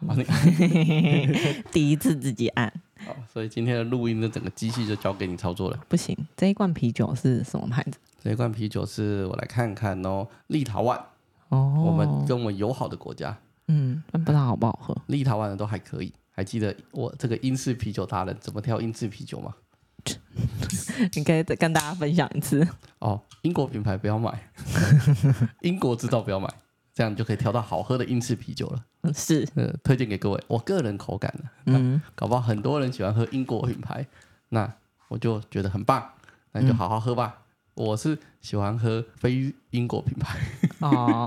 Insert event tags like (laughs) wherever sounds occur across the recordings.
(laughs) 哦、你 (laughs) 第一次自己按，好、哦，所以今天的錄音的整個機器就交給你操作了。不行，這一罐啤酒是什麼牌子？這一罐啤酒是我來看看哦，立陶宛。哦，我們跟我們友好的國家。嗯，不知道好不好喝、啊？立陶宛的都還可以。還記得我這個英式啤酒達人怎麼挑英式啤酒嗎？應 (laughs) 該再跟大家分享一次。哦，英國品牌不要買， (laughs) 英國製造不要買。這樣就可以挑到好喝的英式啤酒了，是，嗯，推薦給各位。我個人口感呢、啊，嗯，搞不好很多人喜歡喝英國品牌，那我就覺得很棒，那你就好好喝吧。我是喜歡喝非英國品牌， (laughs) 哦，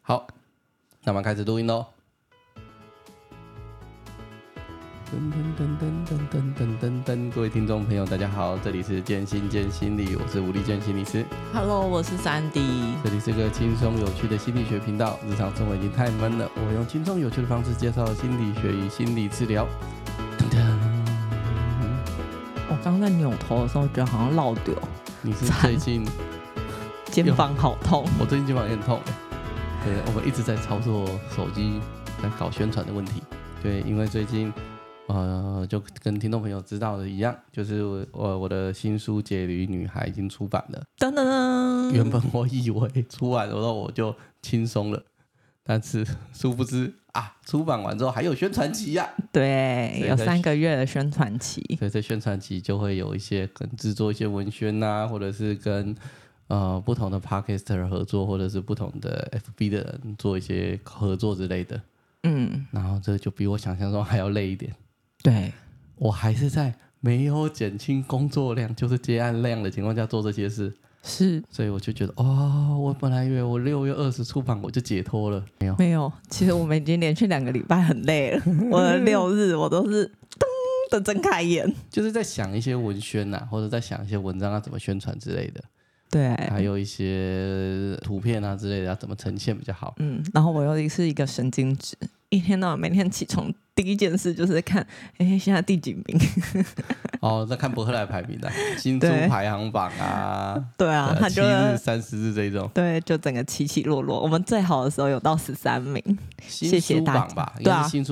好，那我們開始錄音嘍。噔噔噔噔噔噔噔，各位聽眾朋友，大家好，這裡是健心見心理，我是吳立健心理師。Hello，我是 Sandy。這裡是個輕鬆有趣的心理學頻道。日常生活已經太悶了，我用輕鬆有趣的方式介紹心理學與心理治療。噔噔。我、嗯、剛、哦、在扭頭的時候，覺得好像落掉。你是最近肩膀好痛？我最近肩膀也很痛。 (laughs) 對，我們一直在操作手機，在搞宣傳的問題。對，因為最近。呃，就跟聽眾朋友知道的一樣，就是我我的新書《解離女孩》已經出版了。噔噔噔！原本我以為出版了之後我就輕鬆了，但是殊不知啊，出版完之後還有宣傳期呀、啊。對，有三個月的宣傳期。對，在宣傳期就會有一些跟制作一些文宣啊，或者是跟呃不同的 Podcaster 合作，或者是不同的 FB 的人做一些合作之類的。嗯，然後這就比我想象中還要累一點。對，我還是在沒有減輕工作量，就是接案量的情況下做這些事，是，所以我就覺得，哦，我本來以為我六月二十出版我就解脫了，沒有，沒有，其實我們已經連續兩個禮拜很累了。 (laughs) 我的六日我都是噔的睜開眼， (laughs) 就是在想一些文宣吶、啊，或者在想一些文章啊怎麼宣傳之類的，對，還有一些圖片啊之類的要怎麼呈現比較好，嗯，然後我又是一個神經質，一天到晚每天起床。第一件事就是看，哎，現在第幾名？ (laughs) 哦，在看博客來排名的《新書排行榜》啊。對啊，他就、啊、三十日這種。對，就整個起起落落。我們最好的時候有到十三名，《新書榜》吧？對啊，就是《新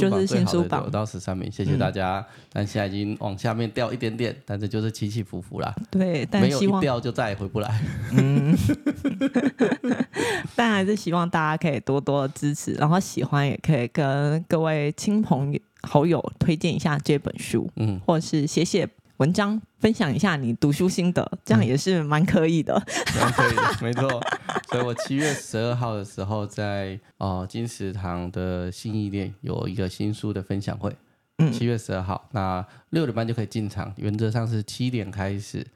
書榜》有到十三名，謝謝大家、嗯。但現在已經往下面掉一點點，但這就是起起伏伏啦。對，但希望沒有掉就再也回不來。嗯， (laughs) (laughs) (laughs) 但還是希望大家可以多多支持，然後喜歡也可以跟各位親朋。好友推薦一下這本書，嗯，或者是寫寫文章，分享一下你讀書心得，這樣也是蠻可以的，蠻可以，沒錯。所以我七月十二號的時候在，在、呃、哦金石堂的信義店有一個新書的分享會，七、嗯、月十二號，那六點半就可以進場，原則上是七點開始，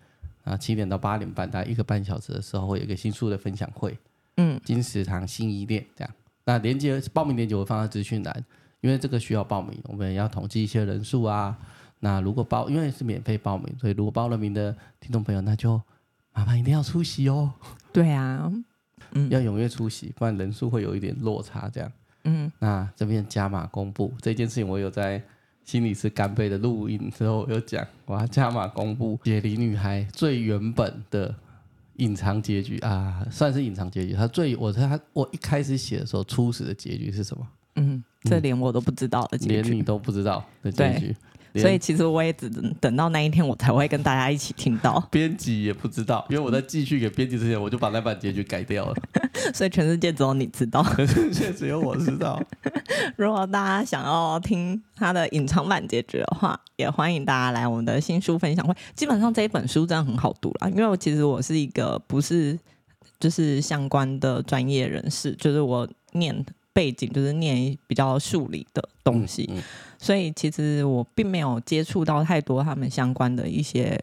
啊七點到八點半，大概一個半小時的時候會有一個新書的分享會，嗯，金石堂信義店這樣，那連接報名鏈接我放在資訊欄。因為這個需要報名，我們要統計一些人數啊。那如果報，因為是免費報名，所以如果報了名的聽眾朋友，那就麻煩一定要出席哦。對啊，嗯，要踴躍出席，不然人數會有一點落差。這樣，嗯，那這邊加碼公布這件事情，我有在心理師乾杯的錄音之後我有講，我要加碼公布《解離女孩》最原本的隱藏結局啊，算是隱藏結局。她最我它我一開始寫的時候，初始的結局是什麼？嗯。這連我都不知道的結局，嗯、連你都不知道的結局，所以其實我也只能等到那一天，我才會跟大家一起聽到。編輯也不知道，因為我在繼續給編輯之前，嗯、我就把那版結局改掉了。 (laughs) 所以全世界只有你知道，全世界只有我知道。如果大家想要聽他的隱藏版結局的話，也歡迎大家來我們的新書分享會。基本上這一本書真的很好讀啦，因為我其實我是一個不是就是相關的專業人士，就是我念。背景就是念比較數理的東西，嗯嗯，所以其實我並沒有接觸到太多他們相關的一些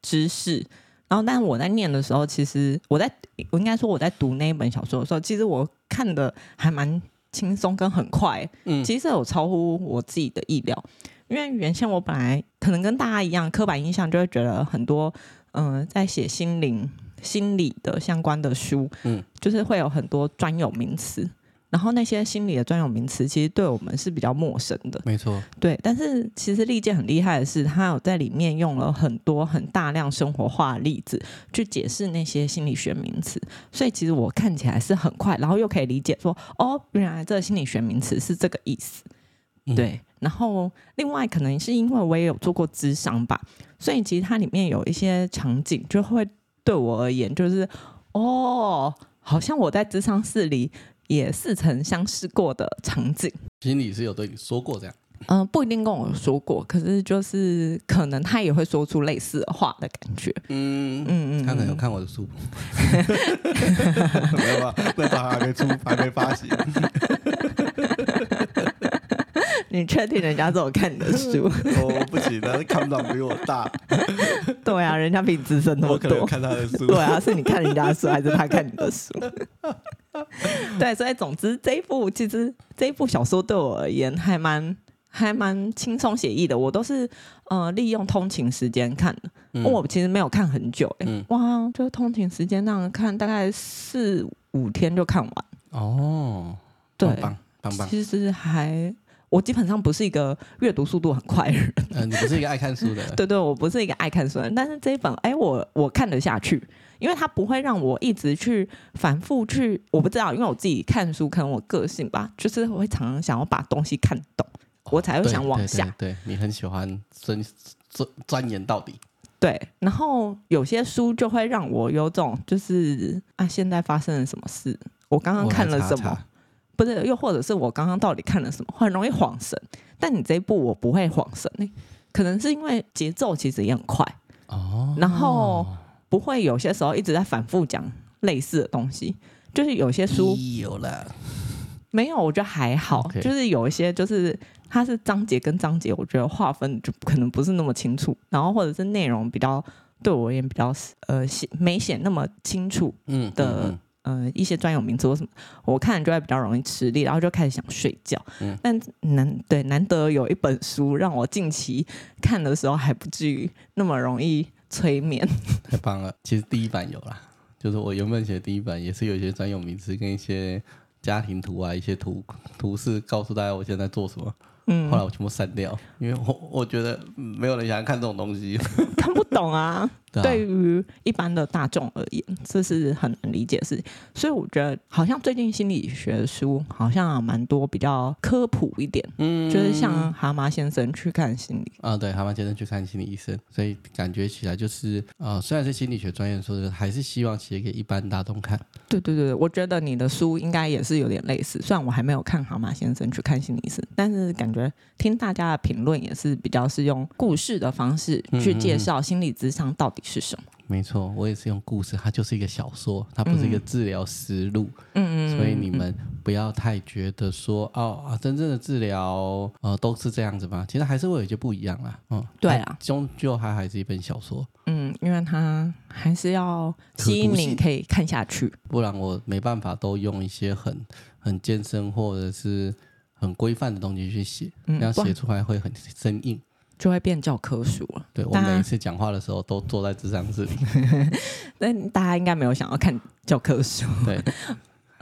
知識。然後，但我在念的時候，其實我在我應該說我在讀那一本小說的時候，其實我看的還蠻輕鬆跟很快。嗯，其實有超乎我自己的意料，因為原先我本來可能跟大家一樣，刻板印象就會覺得很多，嗯、呃，在寫心靈心理的相關的書，嗯，就是會有很多專有名詞。然後那些心理的專有名詞其實對我們是比較陌生的，沒錯。對，但是其實利劍很厲害的是，他有在裡面用了很多很大量生活化的例子去解釋那些心理學名詞，所以其實我看起來是很快，然後又可以理解說，哦，原來這心理學名詞是這個意思，嗯。對。然後另外可能是因為我也有做過諮商吧，所以其實它裡面有一些場景就會對我而言就是，哦，好像我在諮商室裡。也似曾相識過的場景，心裡是有對你說過這樣？嗯、呃，不一定跟我說過，可是就是可能他也會說出類似的話的感覺。嗯嗯嗯，他可能有看我的書。哈哈哈沒有吧？那書還沒出，還沒發行。 (laughs) 你確定人家是我看你的書？我、oh, 不行，人是看不到比我大。 (laughs) 對啊，人家比你資深，我可能看他的書。對啊，是你看人家的書，還是他看你的書？對，所以總之這一部，其實這一部小說對我而言還蠻還蠻輕鬆寫意的。我都是呃利用通勤時間看的。嗯、我其實沒有看很久、欸，嗯，哇，就通勤時間那樣看，大概四五天就看完。哦，對，棒棒，棒棒，其實還。我基本上不是一個閱讀速度很快的人。嗯、呃，你不是一個愛看書的。 (laughs) 對對，我不是一個愛看書的人，的但是這一本，哎，我我看得下去，因為它不會讓我一直去反復去。我不知道，因為我自己看書，可能我個性吧，就是會常常想要把東西看懂，哦，我才會想往下。對，對，對，對，對，你很喜歡鑽鑽鑽研到底。對，然後有些書就會讓我有種就是啊，現在發生了什麼事？我剛剛看了什麼？不是，又或者是我剛剛到底看了什麼，很容易晃神。但你這一部我不會晃神，欸，可能是因為節奏其實也很快，哦，然後不會有些時候一直在反复講類似的東西。就是有些書有了，沒有，我覺得還好。Okay. 就是有一些，就是它是章節跟章節，我覺得劃分就可能不是那麼清楚，然後或者是內容比較對我而言比較呃寫沒寫，那麼清楚，的。嗯嗯嗯呃，一些專有名詞，我什麼，我看了就會比較容易吃力，然後就開始想睡覺。嗯，但難對難得有一本書讓我近期看的時候還不至於那麼容易催眠。太棒了，其實第一版有啦，就是我原本寫第一版也是有一些專有名詞跟一些家庭圖啊，一些圖圖示告訴大家我現在在做什麼。嗯，後來我全部刪掉，因為我我覺得沒有人想要看這種東西， (laughs) 看不懂啊。對於一般的大眾而言，這是很難理解的事。所以我覺得，好像最近心理學的書好像蠻多比較科普一點，嗯，就是像《蛤蟆先生去看心理》啊、嗯哦，對，《蛤蟆先生去看心理醫生》。所以感覺起來就是，呃、哦，雖然是心理學專業書，還是希望寫給一般大眾看。對對對，我覺得你的書應該也是有點類似。雖然我還沒有看《蛤蟆先生去看心理醫生》，但是感覺聽大家的評論也是比較是用故事的方式去介紹心理諮商到底是什麼？沒錯，我也是用故事，它就是一個小說，它不是一個治療思路。嗯嗯，所以你們不要太覺得說、嗯、哦啊，真正的治療呃，都是這樣子嗎？其實還是會有些不一樣啦。嗯，對啊，終究還還是一本小說。嗯，因為它還是要吸引你可以看下去，不然我沒辦法都用一些很很艱深或者是很規範的東西去寫，那、嗯、樣寫出來會很生硬。就會變教科書了。對，我每一次講話的時候，都坐在這張視頻。但大家應該沒有想要看教科書，對，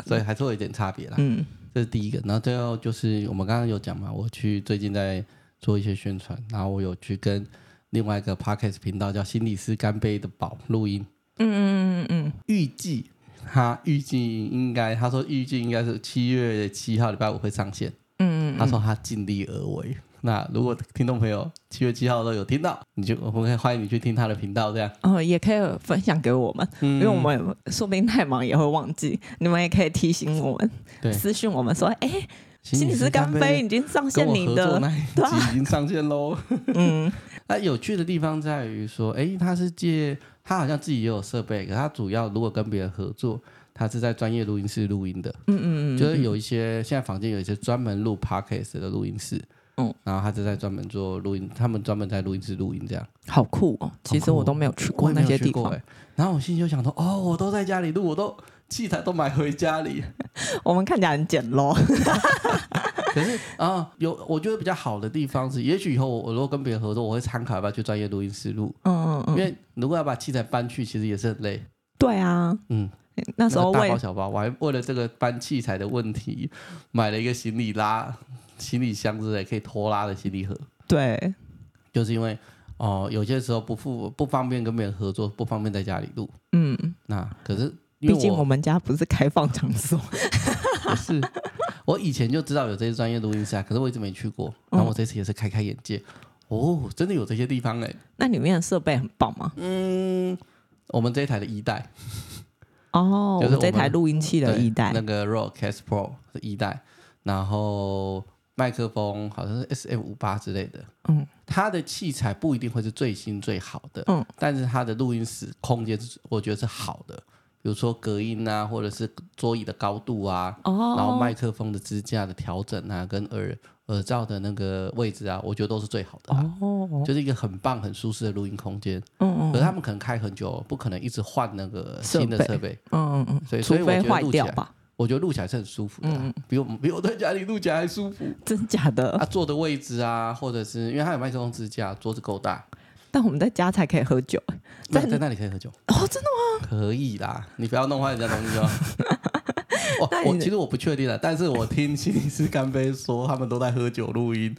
所以還是有一點差別啦。嗯，這是第一個。然後最後就是我們剛剛有講嘛，我去最近在做一些宣傳，然後我有去跟另外一個 podcast 頻道叫心理師乾杯的寶錄音。嗯嗯嗯嗯嗯，預計他預計應該他說預計應該是七月七號禮拜五會上線。嗯嗯，嗯，他說他盡力而為。那如果聽眾朋友七月七號都有聽到，你就我們可以歡迎你去聽他的頻道，這樣哦，也可以分享給我們，嗯、因為我們說不定太忙也會忘記，你們也可以提醒我們，嗯、對，私訊我們說，哎，新石乾杯已經上線，你的對啊，已經上線嘍。線啊、 (laughs) 嗯，那有趣的地方在於說，哎，他是借他好像自己也有設備，可他主要如果跟別人合作，他是在專業錄音室錄音的，嗯嗯嗯，就是有一些、嗯、現在房間有一些專門錄 podcast 的錄音室。嗯，然後他就在專門做錄音，他們專門在錄音室錄音，這樣好酷哦好酷。其實我都沒有去過，我也沒有去過、欸、那些地方。然後我心裡就想說，哦，我都在家裡錄，我都器材都買回家裡。 (laughs) 我們看起來很簡陋， (laughs) (laughs) 可是啊、呃，有我覺得比較好的地方是，也許以後我如果跟別人合作，我會參考要不要去專業錄音室錄。嗯嗯嗯。因為如果要把器材搬去，其實也是很累。對啊。嗯，那時候我、那個、大包小包，我還為了這個搬器材的問題，買了一個行李拉行李箱之類可以拖拉的行李盒。對，就是因為哦、呃，有些時候不付不方便跟別人合作，不方便在家裡錄。嗯，那可是畢竟我們家不是開放場所。不 (laughs) 是，我以前就知道有這些專業錄音室啊，可是我一直沒去過。那我這次也是開開眼界，嗯、哦，真的有這些地方哎。那裡面的設備很棒嗎？嗯，我們這一台的一代。哦，就是這台錄音器的一代，那個 RØDECaster Pro 的一代，然後。麥克風好像是 SM58 之類的，嗯，它的器材不一定會是最新最好的，嗯，但是它的錄音室空間，我覺得是好的，比如說隔音啊，或者是桌椅的高度啊，哦，然後麥克風的支架的調整啊，跟耳耳罩的那個位置啊，我覺得都是最好的啊，哦，就是一個很棒很舒適的錄音空間，嗯嗯，可是他們可能開很久，不可能一直換那個新的設備，設備，嗯，嗯，所以，除非壞掉吧？所以我覺得錄起來。我覺得錄起來是很舒服的、啊嗯，比我們比我在家裡錄起來還舒服。真假的？他、啊、坐的位置啊，或者是因為他有麥克風支架，桌子夠大。但我們在家才可以喝酒，在在那裡可以喝酒？哦，真的嗎？可以啦，你不要弄壞人家東西 (laughs) 哦。我其實我不確定了，但是我聽心理師乾杯說他們都在喝酒錄音，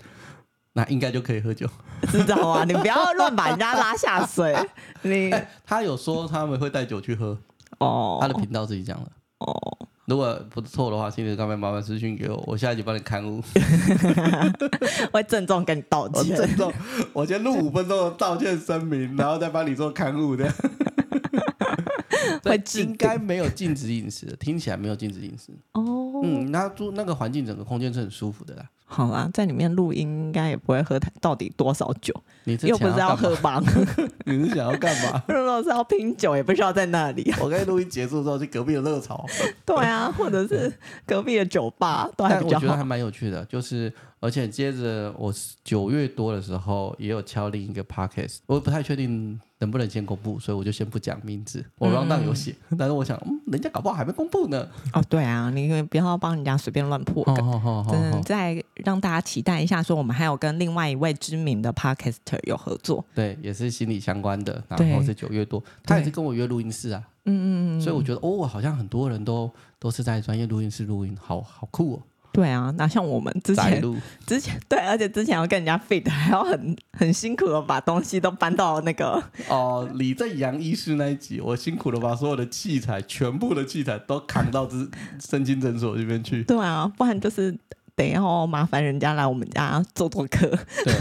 那應該就可以喝酒，知道嗎？你不要亂把人家拉下水。 (laughs) 你、欸、他有說他們會帶酒去喝哦、oh. 嗯，他的頻道自己講的。哦、oh.。如果不錯的話，請你趕快麻煩私訊給我，我下一集幫你勘誤。 (laughs) (laughs) (laughs) 會鄭重跟你道歉，鄭重，我先錄五分鐘的道歉聲明， (laughs) 然後再幫你做勘誤的。 (laughs) (laughs) (laughs) 所以應該沒有禁止飲食的，聽起來沒有禁止飲食哦。嗯，那住那個環境，整個空間是很舒服的啦。好啊，在裡面錄音應該也不會喝太到底多少酒，你又不是要喝吧？ (laughs) 你是想要幹嘛？如果是要拼酒，也不知道在哪裡。 (laughs) 我剛才錄音結束之後，是隔壁的樂巢。 (laughs) 對啊，或者是隔壁的酒吧，都還我覺得還蠻有趣的，就是。而且接着我九月多的時候也有敲另一個 podcast，我不太確定能不能先公布，所以我就先不講名字。我讓 o 有 n 但是我想，嗯，人家搞不好還沒公布呢。哦，對啊，你不要幫人家隨便亂破。好好好。再讓大家期待一下，說我們還有跟另外一位知名的 podcaster 有合作。對，也是心理相關的，然後是九月多，他也是跟我約錄音室啊。嗯嗯嗯。所以我覺得，哦，好像很多人都都是在專業錄音室錄音，好好酷哦。對啊，哪像我們之前，之前對，而且之前我跟人家 fit，還要很很辛苦的把東西都搬到那個哦，你在楊醫師那一集，我辛苦的把所有的器材， (laughs) 全部的器材都扛到之 (laughs) 身精診所這邊去。對啊，不然就是得要麻煩人家來我們家做做客。 (laughs) 對，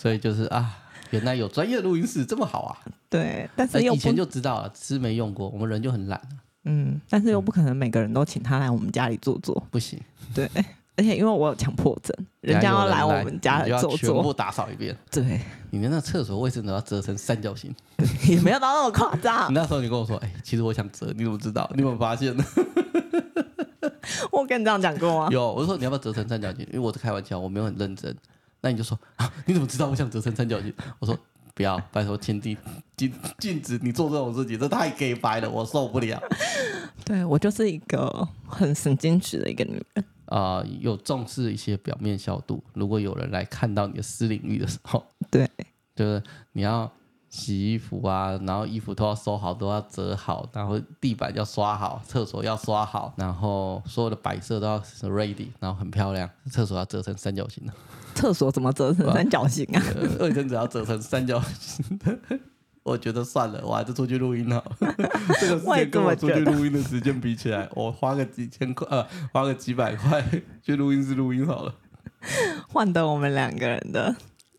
所以就是啊，原來有專業錄音室這麼好啊。對，但是、欸、以前就知道了，是沒用過。我們人就很懶。嗯，但是又不可能每個人都請他來我們家裡坐坐，不、嗯、行。對，而且因為我有強迫症人，人家要來我們家裡坐坐，全部打掃一遍。對，你們那廁所衛生都要折成三角形， (laughs) 也沒有到那麼誇張。你那時候你跟我說，哎、欸，其實我想折，你怎麼知道？你有，沒有發現呢？ (laughs) 我跟你這樣講過嗎、啊？有，我就說你要不要折成三角形？因為我在開玩笑，我沒有很認真。那你就說啊，你怎麼知道我想折成三角形？我說。不要！拜託，天地禁禁止，你做這種事情， (laughs) 這太 gay 白了，我受不了。對，我就是一個很神經質的一個女人。啊、呃，有重視一些表面效度。如果有人來看到你的私領域的時候，對，就是你要。洗衣服啊，然後衣服都要收好，都要折好，然後地板要刷好，廁所要刷好，然後所有的擺設都要 ready，然後很漂亮。廁所要折成三角形的，廁所怎麼折成三角形啊？呃、 (laughs) 衛生紙要折成三角形的。我覺得算了，我還是出去錄音好。這個時間跟我出去錄音的時間比起來，我花個幾千塊，呃，花個幾百塊去錄音室錄音好了。換得我們兩個人的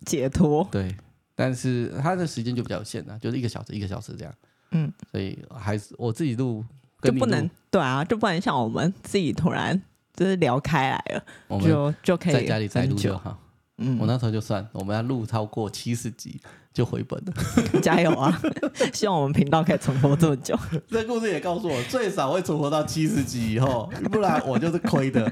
解脫。對。但是他的時間就比較有限了、啊、就是一個小時，一個小時這樣。嗯，所以還是我自己錄就不能對啊，就不能像我們自己突然就是聊開來了，就就可以在家裡再錄就好。嗯，我那時候就算，我們要錄超過七十集就回本了。 (laughs) 加油啊！希望我們頻道可以存活這麼久。 (laughs) 這故事也告訴我，最少會存活到七十集以後，不然我就是虧的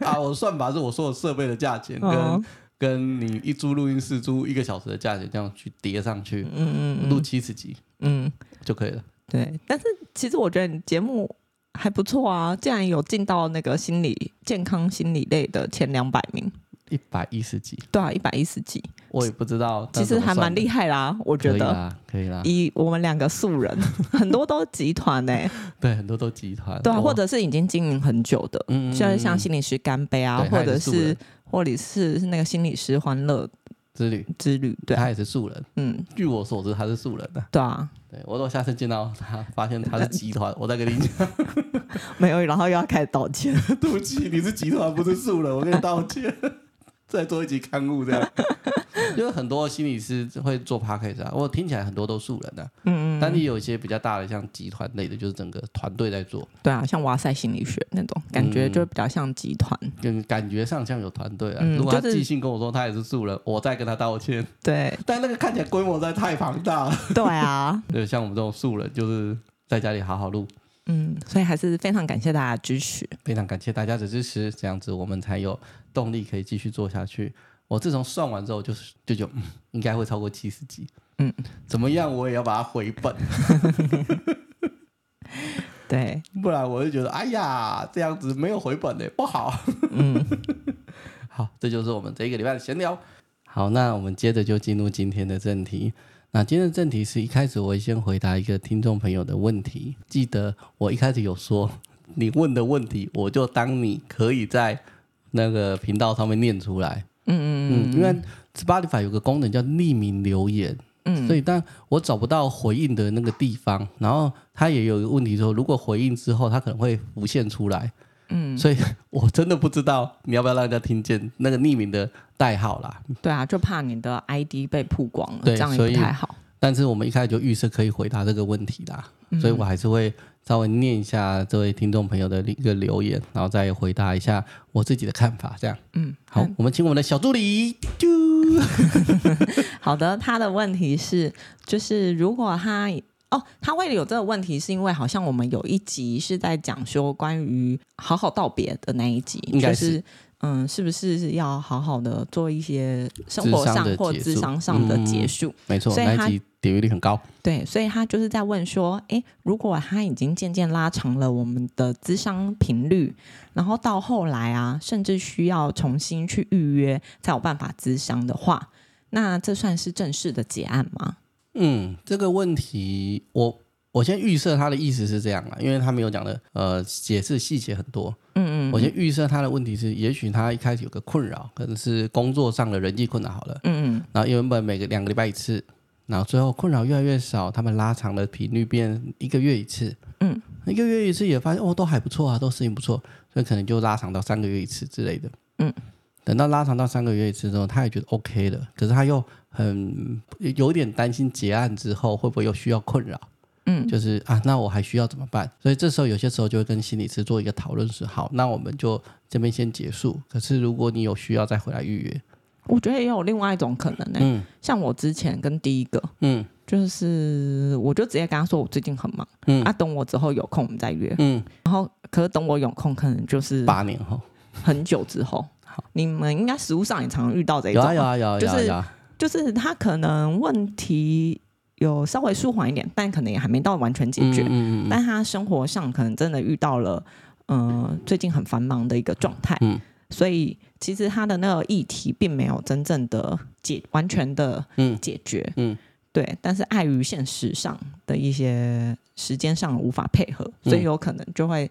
啊！我算法是我所有設備的價錢跟、哦。跟你一租錄音室租一個小時的價錢這樣去疊上去，嗯嗯,嗯，錄七十集，嗯，就可以了。對，但是其實我覺得你節目還不錯啊，竟然有進到那個心理健康心理類的前兩百名，一百一十幾，對啊，一百一十幾，我也不知道，其實還蠻厲害啦，我覺得可以啦，可以啦。以我們兩個素人， (laughs) 很多都是集團誒、欸，對，很多都集團，對啊，或者是已經經營很久的，嗯像、嗯嗯就是、像心理學乾杯啊，或者是。霍里斯是那個心理師，歡樂之旅之旅，對他也是素人，嗯，據我所知他是素人的，對啊，對，我如果下次見到他，發現他是集團， (laughs) 我再跟你講， (laughs) 沒有，然後又要開始道歉， (laughs) 對不起，你是集團不是素人，我跟你道歉。 (laughs) 再做一集刊物這樣，因為很多心理師會做 podcast 啊，我聽起來很多都是素人的、啊，嗯但你有一些比較大的，像集團類的，就是整個團隊在做，對啊，像哇塞心理學那種感覺，就比較像集團、嗯，感覺上像有團隊啊、嗯就是。如果他即興跟我說他也是素人，我再跟他道歉，對，但那個看起來規模實在太龐大了，對啊，對，像我們這種素人，就是在家裡好好錄，嗯，所以還是非常感謝大家的支持，非常感謝大家的支持，這樣子我們才有。動力可以繼續做下去。我自從算完之後就，就是就、嗯、應該會超過七十集。嗯，怎麼樣，我也要把它回本。 (laughs) 對，不然我就覺得，哎呀，這樣子沒有回本的不好。 (laughs) 嗯，好，這就是我們這一個禮拜的閒聊。好，那我們接着就進入今天的正題。那今天的正題是一開始我會先回答一個聽眾朋友的問題。記得我一開始有說，你問的問題，我就當你可以在。那個頻道上面念出來，嗯嗯嗯，嗯嗯嗯，因為 Spotify 有個功能叫匿名留言，嗯，嗯，嗯嗯、所以但我找不到回應的那個地方，然後他也有一個問題說，如果回應之後，他可能會浮現出來，嗯，嗯，嗯、所以我真的不知道你要不要讓人家聽見那個匿名的代號啦，對啊，就怕你的 ID 被曝光了， (laughs) 對，這樣也不太好。但是我們一開始就預設可以回答這個問題啦、嗯，所以我還是會稍微念一下這位聽眾朋友的一個留言，然後再回答一下我自己的看法，這樣。嗯，好，嗯、我們請我們的小助理。 (laughs) (laughs) 好的，他的問題是，就是如果他哦，他為了有這個問題，是因為好像我們有一集是在講說關於好好道別的那一集，應該是。就是嗯，是不是要好好的做一些生活上或諮商上的結束？結束嗯、沒錯，所以他點閱率很高。對，所以他就是在問說：，哎、欸，如果他已經漸漸拉長了我們的諮商頻率，然後到後來啊，甚至需要重新去預約才有辦法諮商的話，那這算是正式的結案嗎？嗯，這個問題我。我先預設他的意思是這樣啊，因為他沒有講的，呃，解釋細節很多。嗯，嗯嗯，我先預設他的問題是，也許他一開始有個困擾，可能是工作上的人際困擾好了，嗯嗯，然後原本每個兩個禮拜一次，然後最後困擾越來越少，他們拉長的頻率變一個月一次。嗯，一個月一次也發現哦，都還不錯啊，都事情不錯，所以可能就拉長到三個月一次之類的。嗯，等到拉長到三個月一次之後，他也覺得 OK 了，可是他又很有點擔心結案之後會不會又需要困擾。嗯，就是啊，那我還需要怎麼辦？所以這時候有些時候就會跟心理師做一個討論，是好，那我們就這邊先結束。可是如果你有需要再回來預約，我覺得也有另外一種可能呢、欸。嗯，像我之前跟第一個，嗯，就是我就直接跟他說我最近很忙，嗯，啊，等我之後有空我們再約，嗯。然後，可是等我有空可能就是八年後，很久之後。後 (laughs) 好，你們應該實務上也常遇到這一種，有、啊、有、啊、有、啊，就是、啊啊啊、就是他可能問題。有稍微舒緩一點，但可能也還沒到完全解決。嗯嗯，嗯，但他生活上可能真的遇到了，嗯、呃，最近很繁忙的一個狀態。嗯。所以其實他的那個議題並沒有真正的解，完全的嗯解決嗯，嗯，對。但是礙於現實上的一些時間上無法配合，所以有可能就會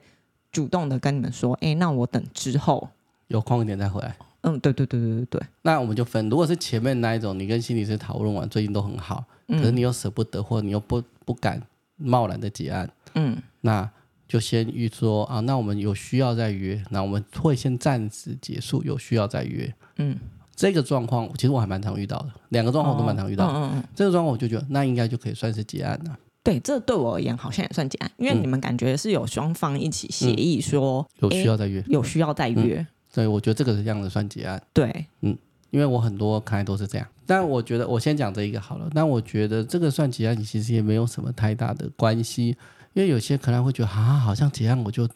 主動的跟你們說：“哎、嗯，那我等之後有空一點再回來。”嗯，對對對對對對。那我們就分，如果是前面那一種，你跟心理師討論完，最近都很好。可是你又捨不得，或者你又不不敢貿然的結案，嗯，那就先預說啊，那我們有需要再約，那我們會先暫時結束，有需要再約，嗯，這個狀況其實我還蠻常遇到的，兩個狀況我都蠻常遇到的，嗯、哦、嗯嗯，這個狀況我就覺得那應該就可以算是結案了，對，這對我而言好像也算結案，因為你們感覺是有雙方一起協議說有需要再約，有需要再約，對，嗯、所以我覺得這個樣子算結案，對，嗯。因為我很多看來都是這樣，但我覺得我先講這一個好了。但我覺得這個算起來，你其實也沒有什麼太大的關係，因為有些可能會覺得啊，好像這樣我就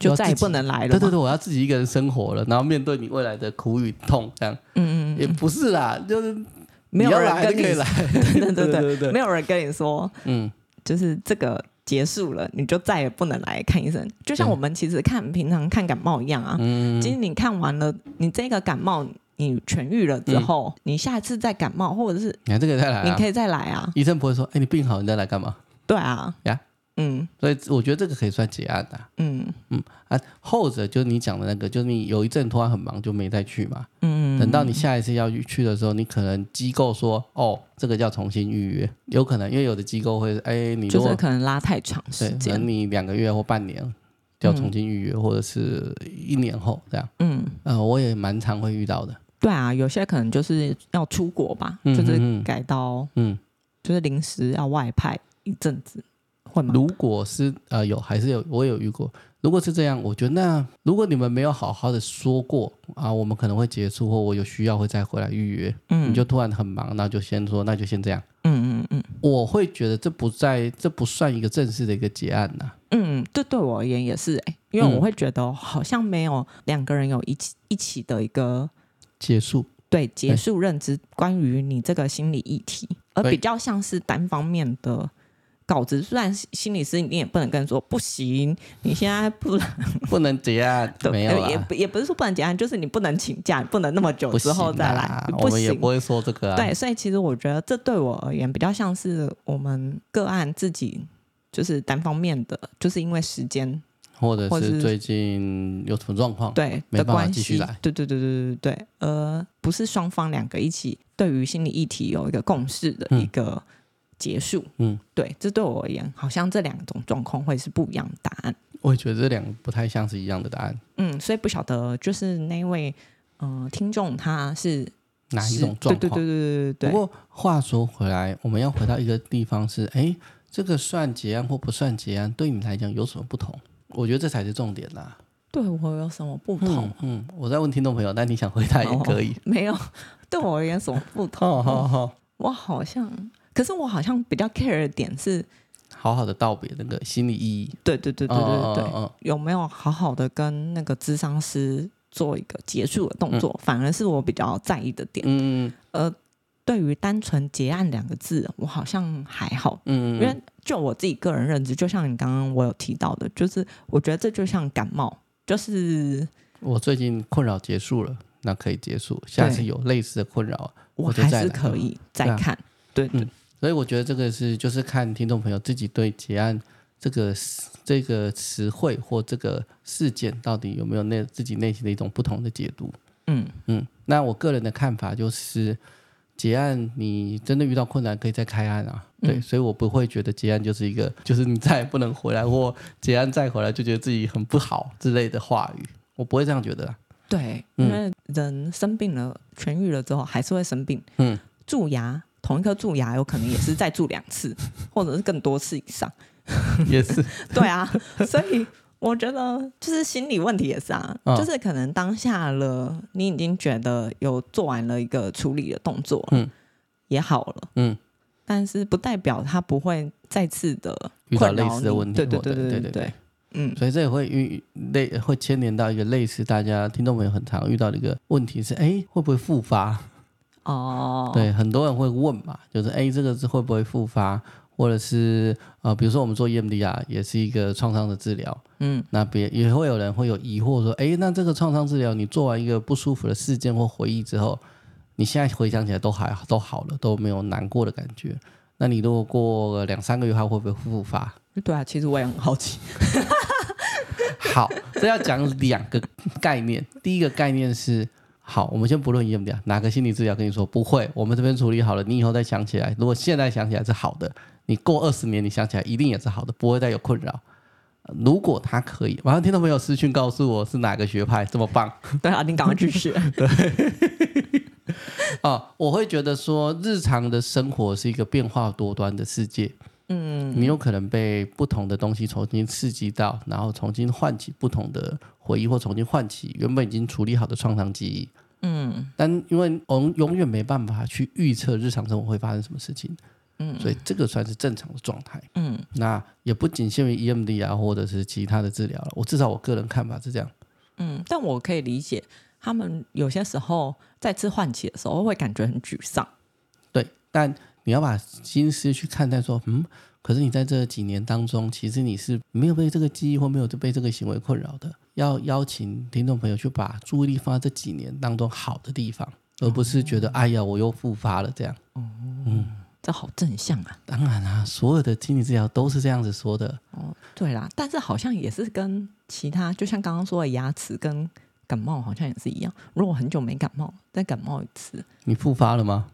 就再也不能來了。對對對，我要自己一個人生活了，然後面對你未來的苦與痛，這樣，嗯嗯也不是啦，就是沒有人跟你你來，可以來， (laughs) 對，對，對，對， (laughs) 對對對對對，沒有人跟你說，嗯，就是這個結束了，你就再也不能來看醫生，就像我們其實看、嗯、平常看感冒一樣啊，嗯，其實你看完了，你這個感冒。.你痊癒了之後，嗯、你下一次再感冒或者是，你看這個再來，你可以再來啊，啊、這個、來啊。醫生不會說，哎、欸，你病好，你再來幹嘛？對啊，呀、yeah，嗯，所以我覺得這個可以算結案的、啊。嗯嗯啊，後者就是你講的那個，就是你有一陣突然很忙就沒再去嘛。嗯，等到你下一次要去的時候，你可能機構說，哦，這個叫重新預約，有可能，因為有的機構會，哎、欸，你就是可能拉太長時間，等你兩個月或半年就要重新預約、嗯，或者是一年後這樣。嗯，呃，我也蠻常會遇到的。對啊，有些可能就是要出國吧，嗯、就是改到，嗯，就是臨時要外派一陣子，會嗎？如果是呃有還是有，我有遇過。如果是這樣，我覺得那如果你們沒有好好的說過啊，我們可能會結束，或我有需要會再回來預約。嗯，你就突然很忙，那就先說，那就先這樣。嗯嗯嗯，我會覺得這不在這不算一個正式的一個結案呢、啊、嗯這對我而言也是、欸，因為我會覺得好像沒有兩個人有一起一起的一個。結束，對結束認知關於你這個心理議題，而比較像是單方面的稿子。雖然心理師你也不能跟說不行，你現在不能 (laughs) 不能結案、啊，沒有也也不是說不能結案，就是你不能請假，不能那麼久之後再來，不行啦啦不行我們也不會說這個、啊。對，所以其實我覺得這對我而言比較像是我們個案自己就是單方面的，就是因為時間。或者是最近有什麼狀況？對，沒辦法繼續來。對對對對對對而、呃、不是雙方兩個一起對於心理議題有一個共識的一個結束。嗯，嗯對，這對我而言，好像這兩種狀況會是不一樣的答案。我也覺得這兩個不太像是一樣的答案。嗯，所以不曉得就是那位嗯、呃、聽眾他是哪一種狀況？對對對對對對對。不過話說回來，我們要回到一個地方是，哎，這個算結案或不算結案，對你們來講有什麼不同？我覺得這才是重點吶！對我有什麼不同、啊嗯？嗯，我在問聽眾朋友，但你想回答也可以。Oh, oh, oh, oh, oh. 沒有，對我而言什麼不同？ (laughs) oh, oh, oh, oh. 我好像，可是我好像比較 care 的點是好好的道別那個心理意義。對對對對對對，oh, oh, oh, oh. 有沒有好好的跟那個諮商師做一個結束的動作、嗯，反而是我比較在意的點。嗯，而對於“單純結案”兩個字，我好像還好，嗯，因為就我自己個人認知，就像你剛剛我有提到的，就是我覺得這就像感冒，就是我最近困擾結束了，那可以結束。下次有類似的困擾，我還是可以再看，對，對，嗯。所以我覺得這個是就是看聽眾朋友自己對“結案”這個這個詞彙或這個事件到底有沒有內自己內心的一種不同的解讀，嗯嗯。那我個人的看法就是。結案，你真的遇到困難可以再開案啊。對、嗯，所以我不會覺得結案就是一個，就是你再也不能回來或結案再回來就覺得自己很不好之類的話語，我不會這樣覺得。對、嗯，因為人生病了，痊癒了之後還是會生病。嗯，蛀牙，同一顆蛀牙有可能也是再蛀兩次， (laughs) 或者是更多次以上。 (laughs) 也是。 (laughs) 對啊，所以。我覺得就是心理問題也是啊，哦，就是可能當下了你已經覺得有做完了一個處理的動作，嗯，也好了，嗯，但是不代表他不會再次的遇到類似的問題，對對對對對對，對，對，對，對，對，對，嗯，所以這也會遇類會牽連到一個類似大家聽眾朋友很常遇到的一個問題是，哎，會不會復發？哦，對，很多人會問嘛，就是哎，這個是會不會復發？或者是呃比如說我們做 EMDR 啊，也是一個創傷的治療。嗯，那別也會有人會有疑惑說，誒，那這個創傷治療，你做完一個不舒服的事件或回憶之後，你現在回想起來都還都好了，都沒有難過的感覺。那你如果過兩三個月，還會不會復發？對、嗯、啊，其實我也很好奇。 (laughs) 好，這要講兩個概念。第一個概念是，好，我們先不論 EMDR 啊，哪個心理治療，跟你說不會，我們這邊處理好了，你以後再想起來，如果現在想起來是好的。你過二十年，你想起來一定也是好的，不會再有困擾。如果他可以，晚上聽到朋友私訊告訴我是哪個學派這麼棒，但阿丁趕快去學。 (laughs) 對，啊、 (laughs) 哦，我會覺得說，日常的生活是一個變化多端的世界。嗯，你有可能被不同的東西重新刺激到，然後重新喚起不同的回憶，或重新喚起原本已經處理好的創傷記憶。嗯，但因為我們永遠沒辦法去預測日常生活會發生什麼事情。所以這個算是正常的狀態。嗯，那也不僅限於 EMDR 啊，或者是其他的治療了。我至少我個人看法是這樣。嗯，但我可以理解，他們有些時候再次喚起的時候會感覺很沮喪。對，但你要把心思去看待說，嗯，可是你在這幾年當中，其實你是沒有被這個記憶或沒有被這個行為困擾的。要邀請聽眾朋友去把注意力放在這幾年當中好的地方，而不是覺得、嗯、哎呀，我又復發了這樣。嗯。嗯這好正向啊！當然啦、啊，所有的心理治療都是這樣子說的。哦，對啦，但是好像也是跟其他，就像剛剛說的牙齒跟感冒，好像也是一樣。如果很久沒感冒，再感冒一次，你復發了嗎？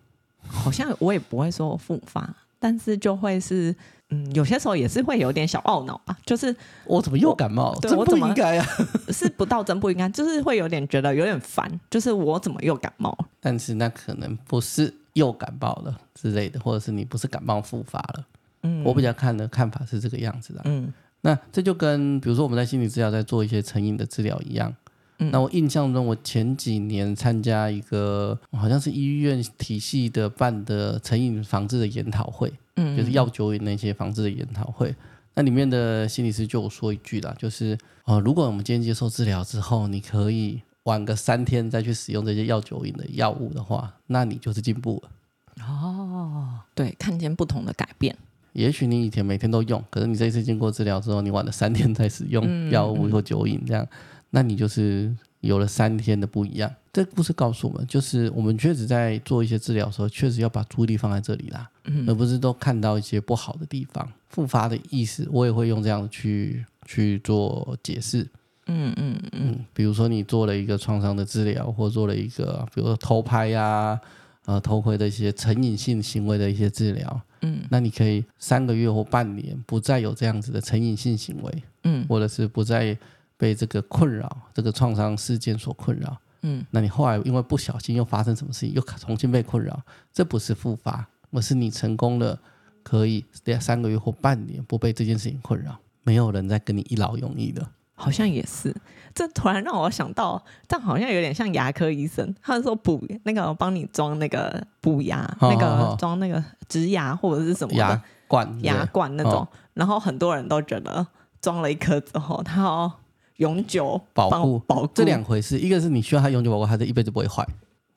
好像我也不會說復發，但是就會是，嗯，有些時候也是會有點小懊惱吧、啊，就是我怎麼又感冒？這不應該啊！是不到真不應該，就是會有點覺得有點煩，就是我怎麼又感冒？但是那可能不是。又感冒了之類的，或者是你不是感冒復發了，嗯，我比較看的看法是這個樣子的，嗯，那這就跟比如說我們在心理治療在做一些成癮的治療一樣，嗯，那我印象中我前幾年參加一個好像是醫院體系的辦的成癮防治的研討會，嗯，嗯，就是藥酒癮那些防治的研討會，那裡面的心理師就說一句啦，就是呃，如果我們今天接受治療之後，你可以。晚個三天再去使用這些藥酒癮的藥物的話，那你就是進步了。哦，對，看見不同的改變。也許你以前每天都用，可是你這次經過治療之後，你晚了三天再使用藥物或酒癮這樣、嗯嗯，那你就是有了三天的不一樣。這故事告訴我們，就是我們確實在做一些治療的時候，確實要把注意力放在這裡啦，嗯、而不是都看到一些不好的地方。復發的意思，我也會用這樣去去做解釋。嗯嗯嗯，嗯，比如說你做了一個創傷的治療，或做了一個，比如說偷拍呀、啊、呃偷窺的一些成癮性行為的一些治療，嗯，那你可以三個月或半年不再有這樣子的成癮性行為，嗯，或者是不再被這個困擾，這個創傷事件所困擾，嗯，那你後來因為不小心又發生什麼事情，又重新被困擾，這不是復發，而是你成功了，可以三個月或半年不被這件事情困擾，沒有人再跟你一勞永逸的。好像也是，這突然讓我想到，但好像有點像牙科醫生，他說補那個幫你裝那個補牙、哦哦哦，那個裝那個植牙或者是什麼牙冠、牙冠那種、哦。然後很多人都覺得裝了一顆之後，它、哦、永久保護，這兩回事。一個是你需要它永久保護，它這一輩子不會壞，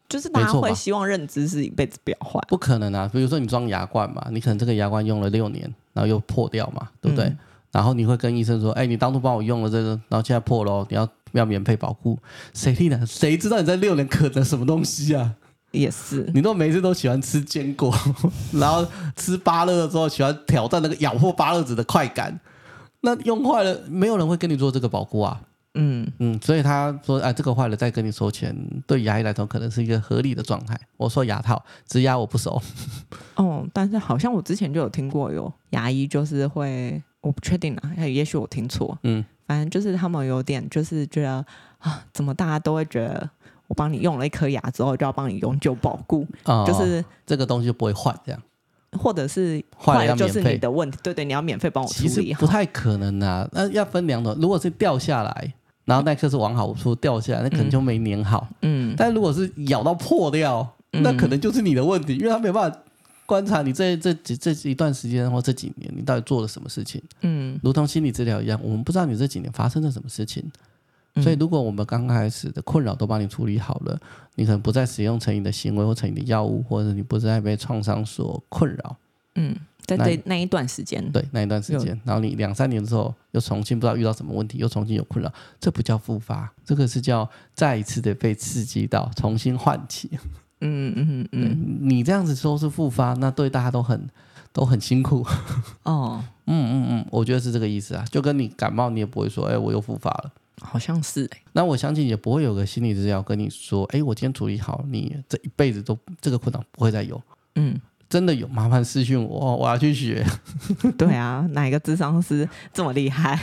就是大家會希望認知是一輩子不要壞。不可能啊！比如說你裝牙冠嘛，你可能這個牙冠用了六年，然後又破掉嘛，對不對？嗯然後你會跟醫生說：“哎，你當初幫我用了這個，然後現在破了、哦，你要不要免費保固？”誰誰知道你在六年磕的什麼東西啊？也是，你都每一次都喜歡吃堅果，然後吃芭樂的時候喜歡挑戰那個咬破芭樂籽的快感，那用壞了沒有人會跟你做這個保固啊。嗯嗯，所以他說：“哎，這個壞了再跟你收錢，對牙醫來說可能是一個合理的狀態。”我說：“牙套植牙我不熟。”哦，但是好像我之前就有聽過喲，牙醫就是會。我不確定了，啊，也許我聽錯。嗯，反正就是他們有點，就是覺得啊，怎麼大家都會覺得我幫你用了一顆牙之後就要幫你永久保固，哦，就是這個東西就不會壞這樣，或者是壞了就是你的問題。對，對對，你要免費幫我處理，其實不太可能啊。那要分兩種，如果是掉下來，然後那顆是完好無損掉下來，那可能就沒粘好嗯。嗯，但如果是咬到破掉，那可能就是你的問題，嗯，因為他沒辦法觀察你這這幾這,這一段時間或這幾年你到底做了什麼事情？嗯，如同心理治療一樣，我們不知道你這幾年發生了什麼事情。嗯，所以，如果我們剛開始的困擾都幫你處理好了，你可能不再使用成癮的行為或成癮的藥物，或者你不再被創傷所困擾。嗯，在這那,那,那一段時間，對那一段時間，然後你兩三年之後又重新不知道遇到什麼問題，又重新有困擾，這不叫復發，這個是叫再一次的被刺激到，重新喚起。嗯嗯嗯嗯，你這樣子說是復發，那對大家都很都很辛苦 (laughs) 哦。嗯嗯嗯，我覺得是這個意思啊。就跟你感冒，你也不會說，哎、欸，我又復發了。好像是、欸。那我相信也不會有個心理治療跟你說，哎、欸，我今天處理好，你這一輩子都這個困難不會再有。嗯，真的有麻煩私訊我，我要去學。 (laughs) 對啊，哪一個諮商師這麼厲害？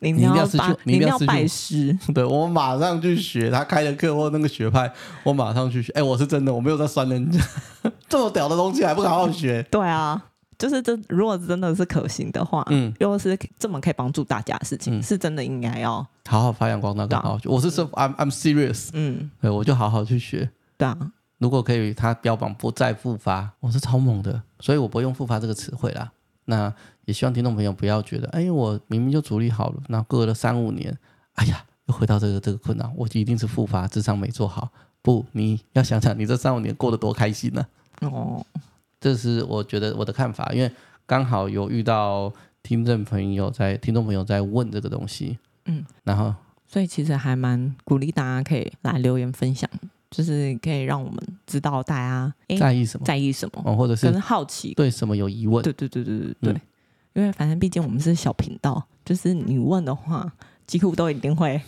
你一定要拜，你一定要，要，要拜師，對，我馬上去學他開的課或那個學派，我馬上去學。哎、欸，我是真的，我沒有在酸人家呵呵這麼屌的東西，還不好好學。 (laughs) 對啊，就是真，如果真的是可行的話，嗯，如果是這麼可以幫助大家的事情，嗯，是真的應該要好好發揚光大好。好，嗯，我是說，I'm I'm serious。嗯，對，我就好好去學。對啊，如果可以，他標榜不再復發，我是超猛的，所以我不用復發這個詞彙啦。那。也希望聽眾朋友不要覺得，哎，我明明就處理好了，那過了三五年，哎呀，又回到這個這個困難，我一定是復發，諮商沒做好。不，你要想想，你這三五年過得多開心呢、啊？哦，這是我覺得我的看法，因為剛好有遇到聽眾朋友在聽眾朋友在問這個東西，嗯，然後所以其實還蠻鼓勵大家可以來留言分享，就是可以讓我們知道大家在意什麼，在意什麼，哦、或者是好奇對什麼有疑問，對對對對對、嗯、對。因為反正畢竟我們是小頻道，就是你問的話，幾乎都一定會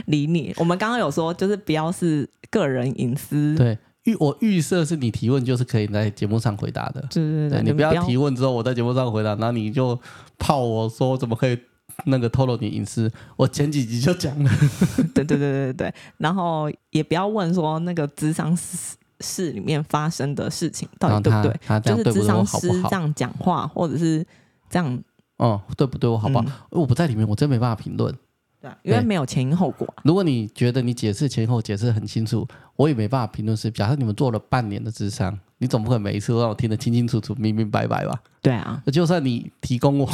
(laughs) 理你。我們剛剛有說，就是不要是個人隱私。對，預我預設是你提問，就是可以在節目上回答的。對對對,對，你不要提問之後我在節目上回答，那你,你就泡我說怎麼可以那個透露你隱私？我前幾集就講了。對 (laughs) 對對對對，然後也不要問說那個諮商室裡面發生的事情到底對不對？對不好不好就是諮商師這樣講話，或者是。這樣、嗯，哦，對不對？我好不好、嗯欸？我不在裡面，我真沒辦法評論。對、啊，因為沒有前因後果、啊欸。如果你覺得你解釋前後解釋很清楚，我也沒辦法評論。是，假設你們做了半年的諮商，你總不可能每一次都讓我聽得清清楚楚、明明白白吧？對啊，就算你提供我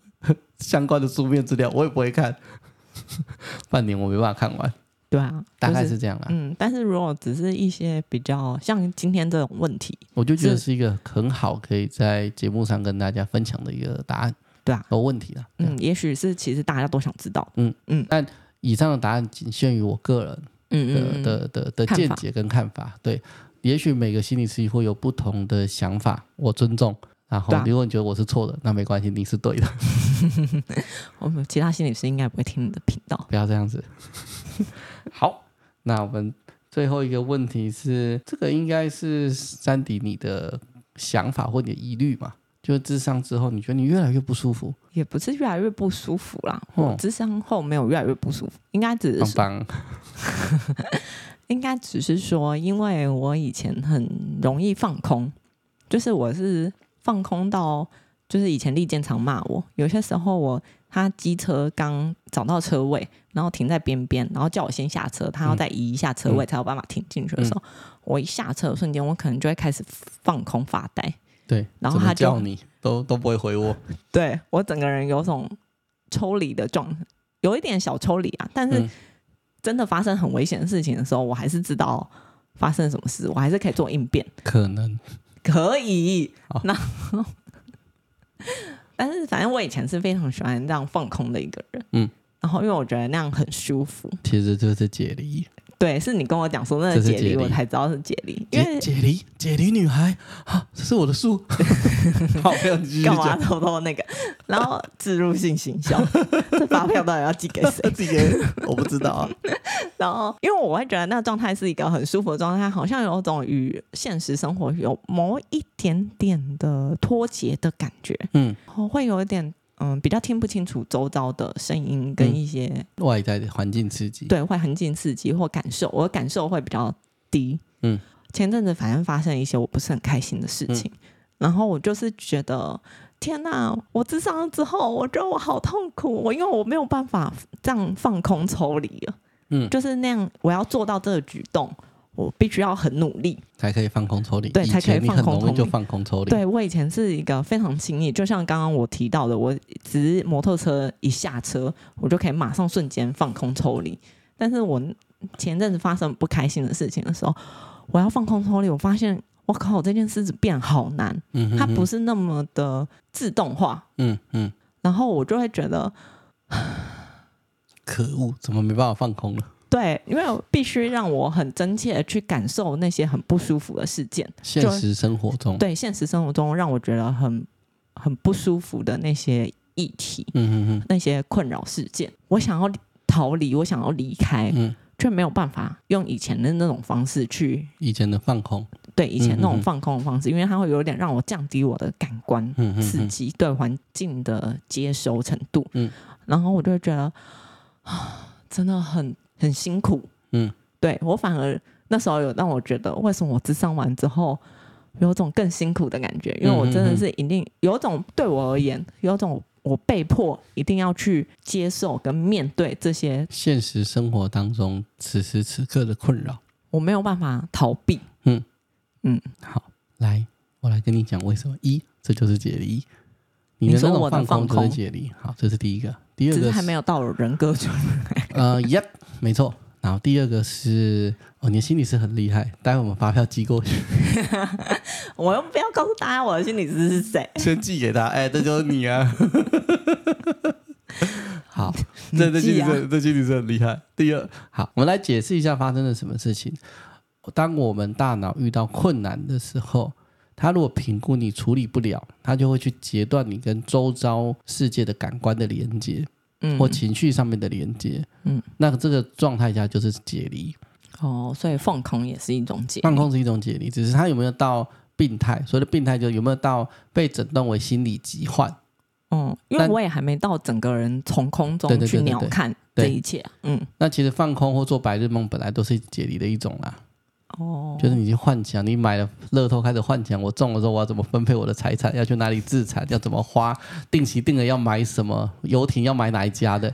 (laughs) 相關的書面資料，我也不會看。 (laughs) 半年我沒辦法看完。對啊，大概是這樣啦。嗯，但是如果只是一些比較像今天這種問題，我就覺得是一個很好可以在節目上跟大家分享的一個答案。對啊，有問題的，嗯，也許是其實大家都想知道，嗯嗯。但以上的答案僅限於我個人的嗯嗯，的的的的見解跟看法，看法。對，也許每個心理師會有不同的想法，我尊重。然後，如果你覺得我是錯的對、啊，那沒關係，你是對的。 (laughs) 我們其他心理師應該不會聽你的頻道。不要這樣子。 (laughs) 好，那我們最後一個問題是，這個應該是山迪你的想法或你的疑慮吧？就是諮商之後，你覺得你越來越不舒服？也不是越來越不舒服啦，嗯、我諮商後沒有越來越不舒服，應該只是應該只是說，棒棒 (laughs) 應該只是說因為我以前很容易放空，就是我是。放空到，就是以前利劍常罵我。有些時候我，我他機車剛找到車位，然後停在邊邊，然後叫我先下車，他要再移一下車位才有辦法停進去的時候，嗯嗯、我一下車的瞬間，我可能就會開始放空發呆。對，然後他就叫你都都不會回我。對我整個人有種抽離的狀，有一點小抽離啊。但是真的發生很危險的事情的時候，我還是知道發生什麼事，我還是可以做應變。可能。可以，那、哦、 (laughs) 但是反正我以前是非常喜歡這樣放空的一個人，嗯，然後因為我覺得那樣很舒服，其實就是解離。對，是你跟我講說那是、個、解離，我才知道是解離。因為解離，解離女孩啊，這是我的書，幹 (laughs) 嘛偷偷那個？然後 (laughs) 置入性行銷， (laughs) 這發票到底要寄給誰？寄 (laughs) 給我不知道啊。 (laughs) 然後，因為我會覺得那個狀態是一個很舒服的狀態，好像有種與現實生活有某一點點的脫節的感覺。嗯，會有一點。嗯，比較聽不清楚周遭的聲音跟一些、嗯、外在的環境刺激，對，會環境刺激或感受，我感受會比較低。嗯，前陣子反正發生一些我不是很開心的事情，嗯，然後我就是覺得，天哪、啊！我自傷了之後，我覺得我好痛苦，我因為我沒有辦法這樣放空抽離了。嗯，就是那樣，我要做到這個舉動。我必須要很努力才可以放空抽離，對，才可以放空抽離。對，我以前是一個非常輕易，就像剛剛我提到的，我只是摩托車一下車，我就可以馬上瞬間放空抽離。但是我前陣子發生不開心的事情的時候，我要放空抽離，我發現我靠，這件事情變好難，它不是那麼的自動化，嗯嗯，然後我就會覺得，可惡，怎麼沒辦法放空了？對，因為必須讓我很真切的去感受那些很不舒服的事件，現實生活中，對，現實生活中讓我覺得很很不舒服的那些議題，嗯嗯嗯，那些困擾事件，我想要逃離，我想要離開，嗯，卻沒有辦法用以前的那種方式去，以前的放空，對，以前那種放空的方式，嗯嗯嗯，因為它會有點讓我降低我的感官嗯嗯嗯，刺激對環境的接收程度，嗯，然後我就會覺得啊，真的很。很辛苦，嗯，對我反而那時候有讓我覺得，為什麼我諮商完之後有種更辛苦的感覺？因為我真的是一定有一種對我而言，有種我被迫一定要去接受跟面對這些現實生活當中此時此刻的困擾，我沒有辦法逃避。嗯嗯，好，來，我來跟你講為什麼一，這就是解一。你，放你說我的放空和解離，好，這是第一個。第二個是，只是還沒有到人格呃，Yep， (laughs) 沒錯。然後第二個是，哦，你的心理師很厲害，待會我們發票寄過去。 (laughs) 我又不要告訴大家我的心理師是誰，先寄給他。哎，欸，這就是你啊。 (laughs) 好，這，啊，這心理師這心理師很厲害。第二，好，我們來解釋一下發生了什麼事情。當我們大腦遇到困難的時候。他如果評估你處理不了，他就會去截斷你跟周遭世界的感官的連接，嗯，或情緒上面的連接，嗯，那個、這個狀態下就是解離。哦，所以放空也是一種解。放空是一種解離，只是他有沒有到病態？所謂的病態，就有沒有到被診斷為心理疾患？哦、嗯，因為我也，我也還沒到整個人從空中去鳥瞰這一切，啊對對這一切啊。嗯，那其實放空或做白日夢本來都是解離的一種啦、啊。哦，就是你去幻想，你買了樂透開始幻想，我中了之後我要怎麼分配我的財產？要去哪裡置產？要怎麼花？定期定額要買什麼遊艇？要買哪一家的？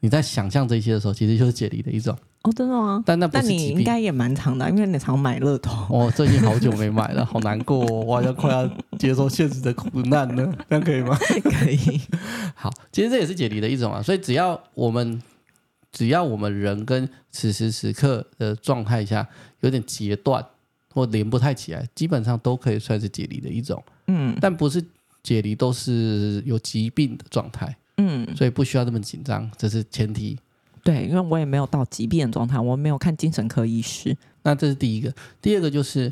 你在想象這些的時候，其實就是解離的一種哦，真的嗎？但那但你應該也蠻長的、啊，因為你常買樂透。哦，最近好久沒買了，好難過、哦， (laughs) 我好像快要接受現實的苦難了，這樣可以嗎？ (laughs) 可以。好，其實這也是解離的一種啊。所以只要我們，只要我們人跟此時此刻的狀態下。有點截斷或連不太起來，基本上都可以算是解離的一種，嗯，但不是解離都是有疾病的狀態，嗯，所以不需要那麼緊張，這是前提。對，因為我也沒有到疾病的狀態，我沒有看精神科醫師。那這是第一個，第二個就是，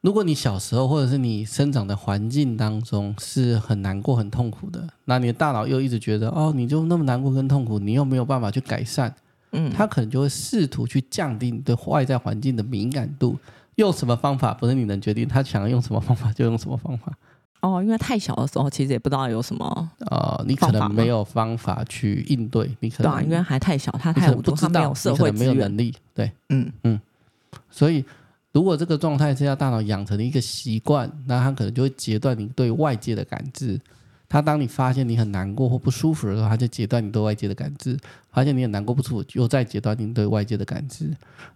如果你小時候或者是你生長的環境當中是很難過、很痛苦的，那你的大腦又一直覺得哦，你就那麼難過跟痛苦，你又沒有辦法去改善。嗯，他可能就會試圖去降低你對外在環境的敏感度，用什麼方法不是你能決定，他想要用什麼方法就用什麼方法。哦，因為太小的時候，其實也不知道有什麼呃，你可能沒有方法去應對。你可能你。對啊，因為還太小，他太無助，他沒有社會資源，你可能沒有能力。對，嗯嗯。所以，如果這個狀態是要大腦養成一個習慣，那他可能就會截斷你對外界的感知。他、啊、當你發現你很難過或不舒服的時候，他就截斷你對外界的感知；發現你很難過不舒服，又再截斷你對外界的感知。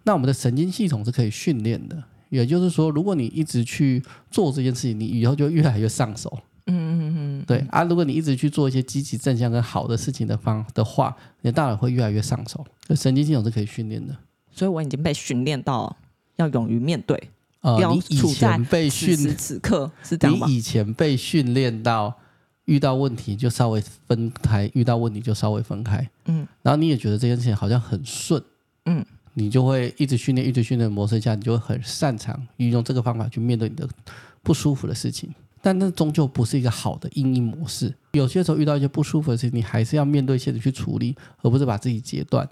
那我們的神經系統是可以訓練的，也就是說，如果你一直去做這件事情，你以後就越來越上手。嗯嗯嗯，對啊。如果你一直去做一些積極正向跟好的事情的方的話，你的大腦會越來越上手。神經系統是可以訓練的，所以我已經被訓練到要勇於面對。呃，不要處在此時此刻是這樣嗎？你以前被訓練到。遇到問題就稍微分開，遇到問題就稍微分開，嗯，然後你也覺得這件事情好像很順，嗯，你就會一直訓練，一直訓練的模式下，你就會很擅長運用這個方法去面對你的不舒服的事情，但那終究不是一個好的因應模式。有些時候遇到一些不舒服的事情，你還是要面對現實去處理，而不是把自己截斷，